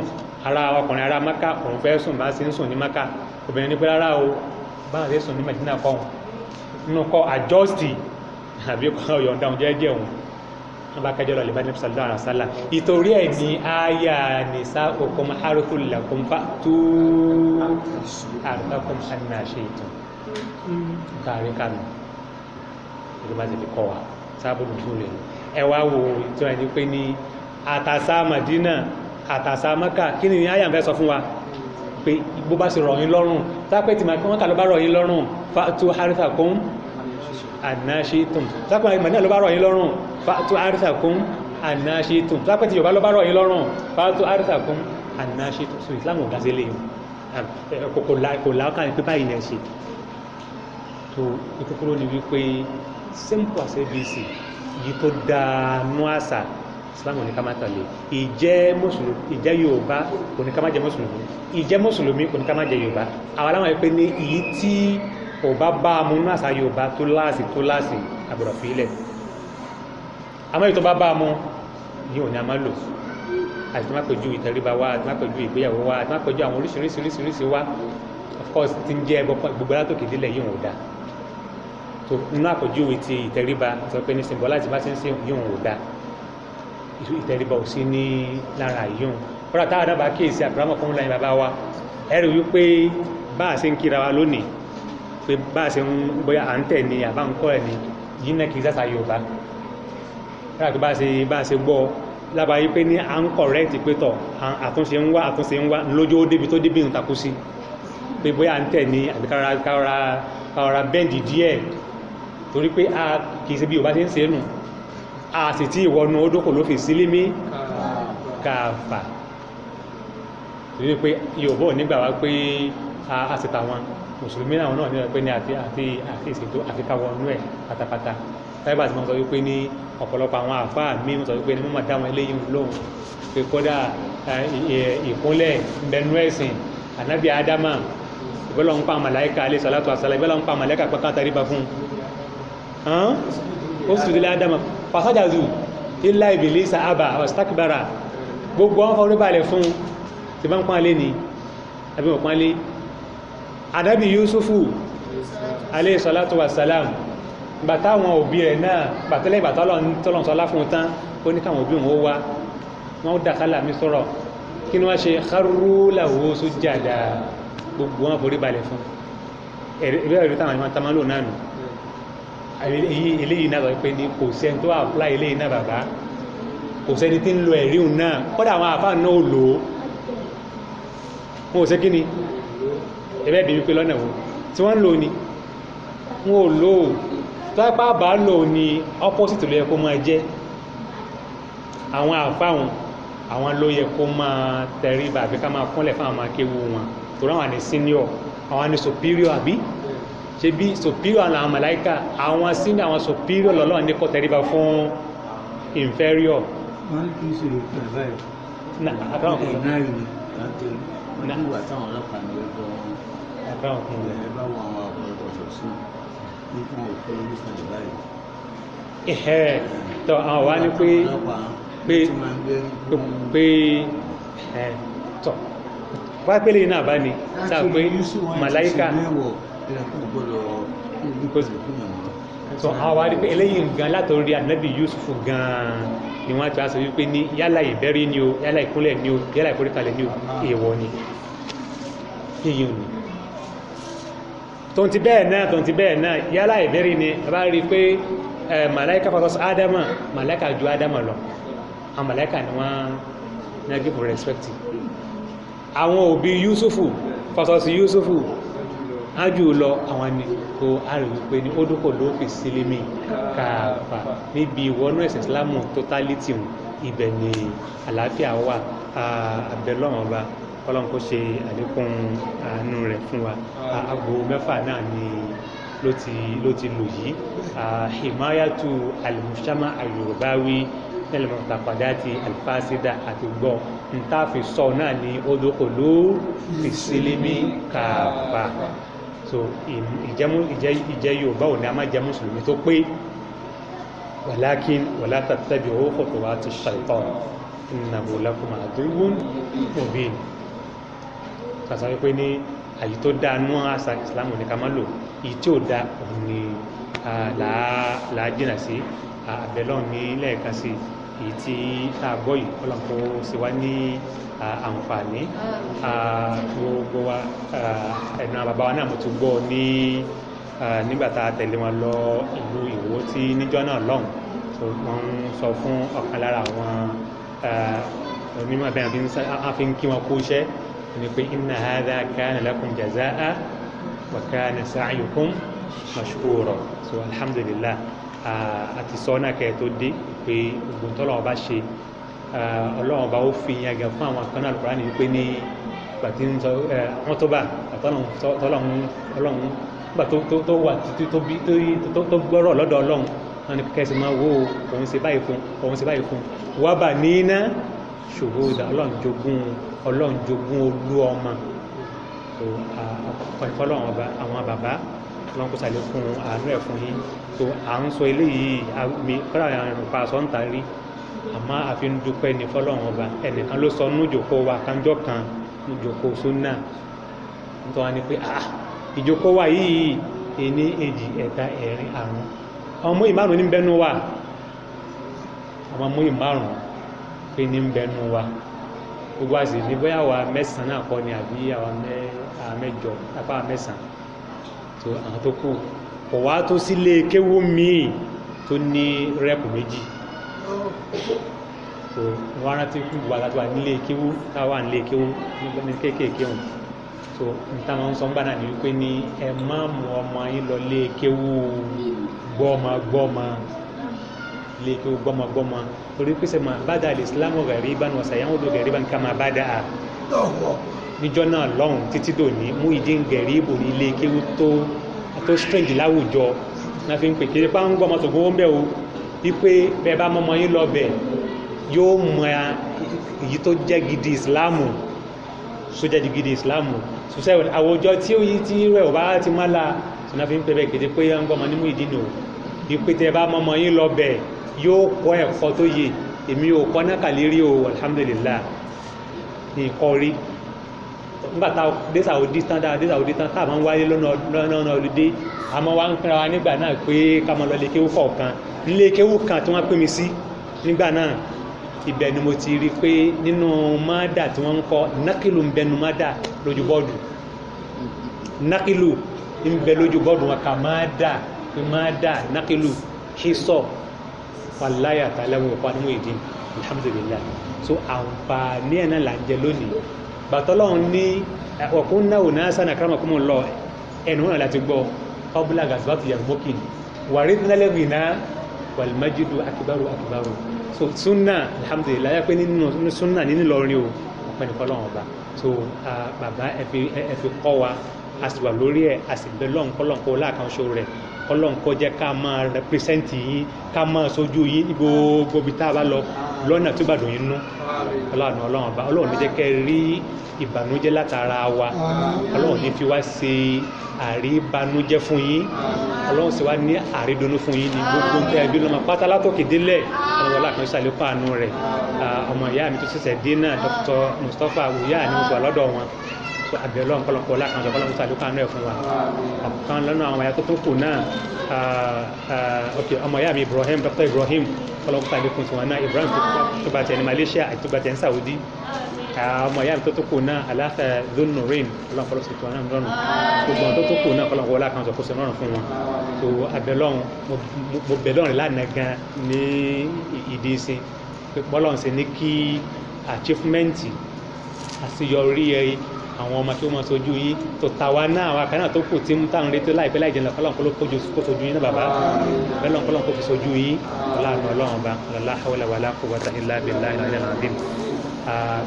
S1: ara ọkùnrin ara maka òun fẹ́ sùn bá sí ń sùn ní maka obìnrin ní pé rárá o bá àti sùn ní Madina kọ́ òun nínú kọ́ àjọ́sì àbí kọ́ yọ̀ǹda òun jẹ́jẹ́ òun nígbà kẹjọ lọ lè bá nípa sàlùdà àrà sálà ìtòrí ẹ̀ ní àyà nìsa òkun harufu làkùn fa tó àrùkàkùn hànà ṣe ìtàn kárí kánú ìgbà tí fi kọ́ wa sábòdù tó rẹ̀ ẹ wá wo ìtura ẹni pé ní àtàsá Madina àtàsá Mẹ́kà kí ni àyà ń fẹ́ sọ fún wa pé bó bá ṣe rọ̀ yín lọ́rùn tápẹ́ tí màkà wọn kà ló bá rọ̀ yín lọ́rùn fatu harifa kún ànáṣetùn tápẹ́ tí Madina ló bá rọ̀ yín lọ́rùn fatu harifa kún ànáṣetùn tápẹ́ tí Yorùbá ló bá rọ̀ yín lọ́rùn fatu harifa kún ànáṣetùn so Islam ò dáṣe lè kò lákàá ní pé báyìí ní ẹ ṣe tó ìkúkúrú ni wípé simple as abc yìí tó dáa nú àṣà islam ní ká má tẹ̀lé ìjẹ́ mùsùlùmí ìjẹ́ yorùbá kò ní ká má jẹ mùsùlùmí ìjẹ́ mùsùlùmí kò ní ká má jẹ yorùbá àwọn aláwọ̀ yìí pé ní ìyí tí ọba bá a mú nú àṣà yorùbá tó láàsì tó láàsì àbọ̀rọ̀ fílẹ̀ àmọ́ ìtọ́ bá bá a mú yìí ò ní a má lò àti má pẹ̀jú ìtẹríba wa àti má pẹ̀jú ìgbéyàwó wa àti má pẹ̀jú àwọn oríṣiríṣiríṣiríṣi wa of course ti ń jẹ́ gbogbo látòkè délẹ̀ yìí ò dáa tó nínú àpèjúwe ti ìtẹríba sọ pé ní sinbọ láti bá ti ń sìn yóò wò dáa ìtẹríba ò sí ní lára yóò kọ́ra táwọn àdàbà kíyèsí àbúrámọ̀ kan láyìn bàbá wa ẹ̀rù wípé bá a ṣe ń kíra wa lónìí pé bá a ṣe ń bóyá à ń tẹ̀ ni àbá ń kọ́ ẹ̀ ni yìí náà kì í sàṣà Yorùbá kọ́ra pé bá a ṣe bá a ṣe gbọ́ lábàá yìí pé ní à ń kọ̀rẹ́ẹ̀tì pé tọ̀ àtúnṣe ń wá àtúnṣe ń wá lójó débi tó débi ń pé bóyá à ń tẹ̀ ni àbí kára kára kára bẹ́ǹdì díẹ̀ torí pé a kìí ṣe bí yorùbá ṣe ń ṣerú a sì tí ìwọnu odókò ló fi sílímí kàfà torí pé yorùbá ò nígbà wá pé a sì tàwọn mùsùlùmí náà náà nígbà pé ní àti àti àti ìṣètò àfikà ẹ pátápátá táyé bá ti mọ̀ sọ wípé ní ọ̀pọ̀lọpọ̀ àwọn àfáà mi mọ̀ sọ wípé ní mọ̀ dáwọn eléyìí lóhùn pé kódà ìkúnlẹ̀ mbẹ́nú ẹ̀sìn ànábì ádámà ìbẹ́lọ̀ ń pa àmàlàíkà alẹ́ sọ̀lá tó àṣàlẹ̀ ìbẹ́lọ̀ ń pa àmàlàíkà pẹ́ká tàrí fún un ó sì délé adama pàṣájàzù ilá ìbìlísà àbà ọ̀sítákìbára gbogbo wọn fọwọ́ balẹ̀ fún ti bá ń pọ́n alé ni àbí wọ́n pọ́n alé adábì yusufu alayhi salatu wassalam bàtà àwọn òbí rẹ̀ náà pàtẹ́lẹ̀ ìbàtà ọlọ́nsọ́lá fún tán ó ní káwọn òbí wọn wá wọn dà kálà mi sọ̀rọ̀ kí ni wọ́n ṣe kharru lahu sujjada gbogbo wọn forí balẹ̀ fún ẹ̀rí ẹ̀rí táwọn ẹ̀mọ́ tamálò náà nù eléyìí náà sọ pé ní kò sẹ́ni tó apply eléyìí náà bàbá kò sẹ́ni tí ń lo ẹ̀rí náà kódà àwọn àfáà náà ò lò ó wọn ò ṣe kí ni ẹ̀bẹ́ bíi wípé lọ́nà wo tí wọ́n ń lò ni wọn ò lò ó tọ́pá bá lò ni opposite ló yẹ kó máa jẹ́ àwọn àfáà àwọn ló yẹ kó máa tẹríba àbí ká máa kúnlẹ̀ fún àwọn akéwu wọn torí àwọn àní senior àwọn àní superior àbí ṣe bí superior àwọn màláìka àwọn sínú àwọn superior lọ́lọ́ ní kó tẹríba fún inferior. wọ́n kì í ṣe ìpè báyìí. na àbáwọn kò lọ. ìnáyìí ni láti wọ́n ní ìwà táwọn ọlọ́pàá ń lọ gan-an. àbáwọn kò lọ. ẹ bá wọn àwọn ọ̀pọ̀lọpọ̀ sọ̀sùn nípa òfin báyìí ẹ̀hẹ́ tọ́ àwọn wá ní pé pé pé tọ́ wá pélé náà bá ní sáà pé màláíkà ìrẹ̀kùn gbọ́dọ̀ glucose lè fún yàn so àwa rí pé eléyìí gan látọ̀rí anabi yusuf gan ni wọ́n ti wá sọ wípé ní yálà ìbẹ́rí ni o yálà ìkúnlẹ̀ ni o yálà ìforíkalẹ̀ ni o èèwọ̀ ni èèyàn ni tonti bẹ́ẹ̀ náà tonti bẹ́ẹ̀ náà yálà ìbẹ́rí ni a bá rí pé màláìka fatọ́sọ ádámà màláìka ju ádámà lọ àwọn màláìka ni wọ́n ní a give respect àwọn òbí yusufu fatọ́sọ yusufu ájù lọ àwọn ni kò àrò wípé ní ó ló fi sílẹ̀ mi níbi ìwọ́nú ẹ̀sìn Islamu totality wọn ni àlàáfíà wà àbẹ̀lọ́wọ̀n ọba kọ́lọ́n kó ṣe àlékún àánú rẹ̀ fún wa aago mẹ́fà náà ni ló ti ló ti lò yìí himayatu alimusama ayorubawi ẹlẹmọtàkọdáàtì alifásídà àti gbọ ntàfi náà ni ó dúkọ̀ ló fi sílẹ̀ mi so ìjẹ́ yorùbá ò ní a máa jẹ́ mùsùlùmí tó pé wàlákin wàlá tattabi'u khutuwati shaytan innahu lakum aduwwun mubin kàtà wípé ní àyí tó dáa nú àṣà islam ní ká má lò èyí tí ò da òun ni làá jìnà sí àbẹ̀lọ́ ní lẹ́ẹ̀kan sí i èyí tí a gbọ́ yìí ọlọ́nkọ́ ṣe wá ní àǹfààní ah. gbogbo wa ẹ̀nà bàbá wa náà mo ti gbọ́ ní nígbà tá a tẹ̀lé wọn lọ ìlú Ìwó tí níjọ́ náà lọ́hùn tó wọ́n ń sọ fún ọ̀kan lára àwọn onímọ̀ bẹ́ẹ̀ a fi ń kí wọn kú iṣẹ́ ni pé inna hadha kana lakum jazaa wa kana sa'yukum mashkura so alhamdulillah àti sọ́nà kẹ́ẹ̀ tó dé pé gbogbo tọ́lọ̀ ọba ṣe ọlọ́run ọba ó fi yẹn gan fún àwọn kan náà lùkúrá nìyí pé ní ìgbà tí ń sọ àwọn tó bá ọlọ́run nígbà tó wà tó gbọ́rọ̀ lọ́dọ̀ ọlọ́run wọn ni kẹsì máa wo òun ṣe báyìí fún òun ṣe báyìí fún wà bà ní iná ṣòwòdà ọlọ́run jogún ọlọ́run jogún olú ọmọ ọ̀pọ̀ ìfọlọ́run ọba àwọn bàbá ọlọ́run kó sàlẹ̀ fún àánú ẹ̀ fún yín tó à ń sọ eléyìí mi kọ́ra ìrìnpa sọ́ńtà rí àmọ́ àfi ń dúpẹ́ ní fọlọ́run ọba ẹnìkan ló sọ nú ìjòkó wa kanjọ́ kan nú ìjòkó súnà nítorí wọn ni pé ah ìjòkó wa yìí ení èjì ẹ̀ta ẹ̀rin àrùn àwọn mọ́yìn márùn ní bẹ́nu wa àwọn mọ́yìn pé ní bẹ́nu wa gbogbo àṣìṣe bóyá àwa mẹ́sàn-án náà kọ́ ni àbí àwa mẹ́jọ apá mẹ́sàn-án so àwọn tó kù kò wá tó sílé kéwú míì tó ní rẹ́pù méjì so rántí fún wà nílé nílé ní kéékèèké wọn so níta máa ń sọ ńgbà ni wípé ní ẹ má mú ọmọ yín lọ lé kéwú gbọ́mọgbọ́mọ lé torí lè bá níjọ́ náà lọ́hùn títí dòní Muyideen Geribu ní ilé kéwú tó tó strange láwùjọ náà fi ń pè kéde páwọn gbọmọ tó gbówó ń bẹ o wípé bẹ́ẹ̀ bá mọmọ yín lọ bẹ yóò mọ èyí tó jẹ́ gidi ìsìláàmù sójà di gidi ìsìláàmù sọsẹ àwùjọ tí ó yí tí rẹ ò bá ti má la náà fi ń pè bẹ kéde pé wọn gbọmọ ní Muyideen o wípé tẹ́ bá mọmọ yín lọ bẹ yóò kọ́ ẹ̀kọ́ tó yẹ èmi ò kọ́ náà o alhamdulillah ní ìkọ́ nígbà tá dé Saudi tán dáa dé Saudi tán táà máa ń wáyé lọ́nà olùdé àmọ́ wá ń pínra wa nígbà náà pé ká máa lọ lékéwú kọ̀ọ̀kan lékéwú kan tí wọ́n pín mi sí nígbà náà ibẹ̀ ni mo ti rí i pé nínú mádà tí wọ́n ń kọ́ nákìlù ń bẹnu mádà lójú bọ́ọ̀dù nákìlù ń bẹ lójú bọ́ọ̀dù wọn kà mádà pé mádà nákìlù hísọ̀ wàláyà tàlẹ́wọ̀n ìpanu ìdí alhamdulillah so àǹfààní ẹ̀ náà là ń jẹ lónìí bàtọ́lọ́hún ní ọ̀kún náà ò náà sànà káràmọ̀kúmọ̀ lọ ẹnu náà láti gbọ́ ọbúlà gàzọ́tì yàgbókìn wàrí nílẹ̀rì náà wàlmájídù akibaru akibaru so sunna alhamdulillah yà pé nínú sunna nínú lọrin o ọ̀pẹ nìkan lọ́wọ́n ọba so bàbá ẹ fi kọ́ wa a sì wà lórí ẹ̀ a sì bẹ lọ́nkọ́lọ́nkọ́ láàkánṣó rẹ̀ ọlọ́run kó jẹ́ ká máa rẹpírẹsẹ́ǹtì yín ká máa sojú yín ní gbogbo ibi tá a bá lọ lọ́nà tó gbàdùn yín nú ọlọ́run ọlọ́run ọba ọlọ́run ní jẹ́ kẹ́ rí ìbànújẹ́ látara wa ọlọ́run ní fi wá ṣe àríbanújẹ́ fún yín ọlọ́run sì wá ní àrídùnnú fún yín ní gbogbo ń tẹ́ ẹbí lọ́mọ pátá látòkè délẹ̀ ọlọ́run ọlá kan ṣàlékún àánú rẹ̀ ọmọ ìyá mi tó ṣẹ̀ṣẹ̀ dé náà dr mustapha òyà ni mo gbà lọ́dọ̀ wọn àbẹ̀lọ́ ọ̀pọ̀lọpọ̀ lákànjọ ọ̀pọ̀lọpọ̀ sàlùkànú ẹ̀ fún wa ọ̀kan lọ́nà àwọn ẹ̀yà tó tún kù náà ọmọ ìyá mi Ibrahim Dr. Ibrahim ọ̀pọ̀lọpọ̀ sàlùkùn tiwọn náà Ibrahim tó bá tiẹ̀ ní Malaysia àti tó bá tiẹ̀ ní Saudi ọmọ ìyá mi tó tún kù náà aláfẹ́ zonorin ọ̀pọ̀lọpọ̀ sàlùkùn náà rọrùn gbogbo tó tún kù náà ọ̀pọ̀lọpọ̀ lákànjọ kó sọ rọrùn fún wọn tó àbẹ̀lọ́ mo bẹ̀lọ́ rìn lánàá gan ní ìdí ìsìn pọ́lọ́ọ̀sìn ní kí achievement àṣeyọrí àwọn ọmọ tí ó máa sojú yín tó tàwa náà àwọn àkànnà tó kù tí ń tàn retí láìpẹ́ láì jẹun lọ́kọ́lọ́n kóló kó sojú yín náà bàbá bẹ́ẹ̀ lọ́kọ́lọ́n kó fi sojú yín ọlọ́run ọlọ́run ọba la hawla wala quwwata illa billahi al-aliyyil azim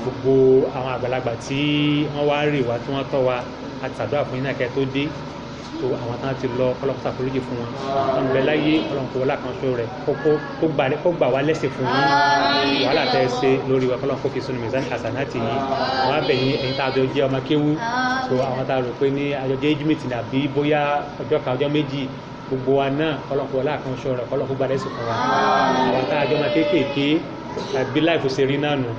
S1: gbogbo àwọn àgbàlagbà tí wọ́n wá rè wá tí wọ́n tọ́ wa àtàdúrà fún yín náà kẹ́ tó dé so àwọn tán ti lọ ọlọ́run ṣàforíjì fún wọn àwọn ìbẹ̀ láyé ọlọ́run kò wọlé àkànṣe rẹ̀ kó gbà wá lẹ́sẹ̀ fún yín wàhálà tẹ́ ẹ ṣe lórí wa ọlọ́run kò fi sunu mizan hasanati yìí àwọn abẹ̀yìn ẹ̀yin tá a jọ jẹ́ ọmọ kéwú so àwọn tá a rò pé ní àjọjẹ́ ejimiti nàbí bóyá ọjọ́ kan ọjọ́ méjì gbogbo wa náà ọlọ́run kò wọlé àkànṣe rẹ̀ ọlọ́run kò gbà lẹ́sẹ̀ fún wa àwọn tá a jọ ọmọ kéékèèké àbí láìfò ṣe rí náà nù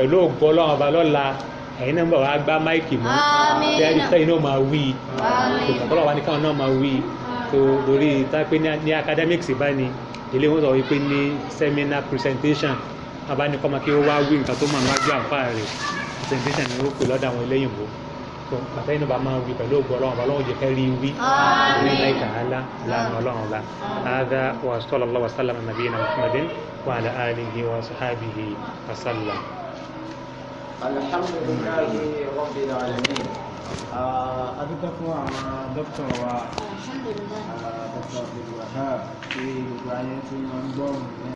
S1: pẹ̀lú ògbọ́ ọlọ́run ọba lọ́la ẹ̀yin náà ń bọ̀ wá gbá máìkì mú bẹ́ẹ̀rì sẹ́yìn náà máa wí ìtọ́kọ́lọ̀ wa ní káwọn náà máa wí tó lórí tápé ní academics bá ní ilé wọn sọ wípé ní seminar presentation abánikọ́mọ kí ó wá wí nǹkan tó máa ń wájú rẹ̀ presentation ni ó pè lọ́dọ̀ àwọn eléyìn bò tó bàtà inú bá máa wí pẹ̀lú ògbó ọlọ́run ọlọ́run jẹ́ kẹ́rí wí ìrìnlẹ̀ ìkàhálà lánà ọlọ́run ọ̀la ààdá wa sallallahu wa sallam nabiyina muhammadin wa ala alihi wa sahabihi wa sallam alhamdulilayi
S2: rabbil alamin uh, adúgbò fún àwọn dókítà wa uh, dókítà abdulwahab tí gbogbo ayé tí wọn ń gbọ́ òun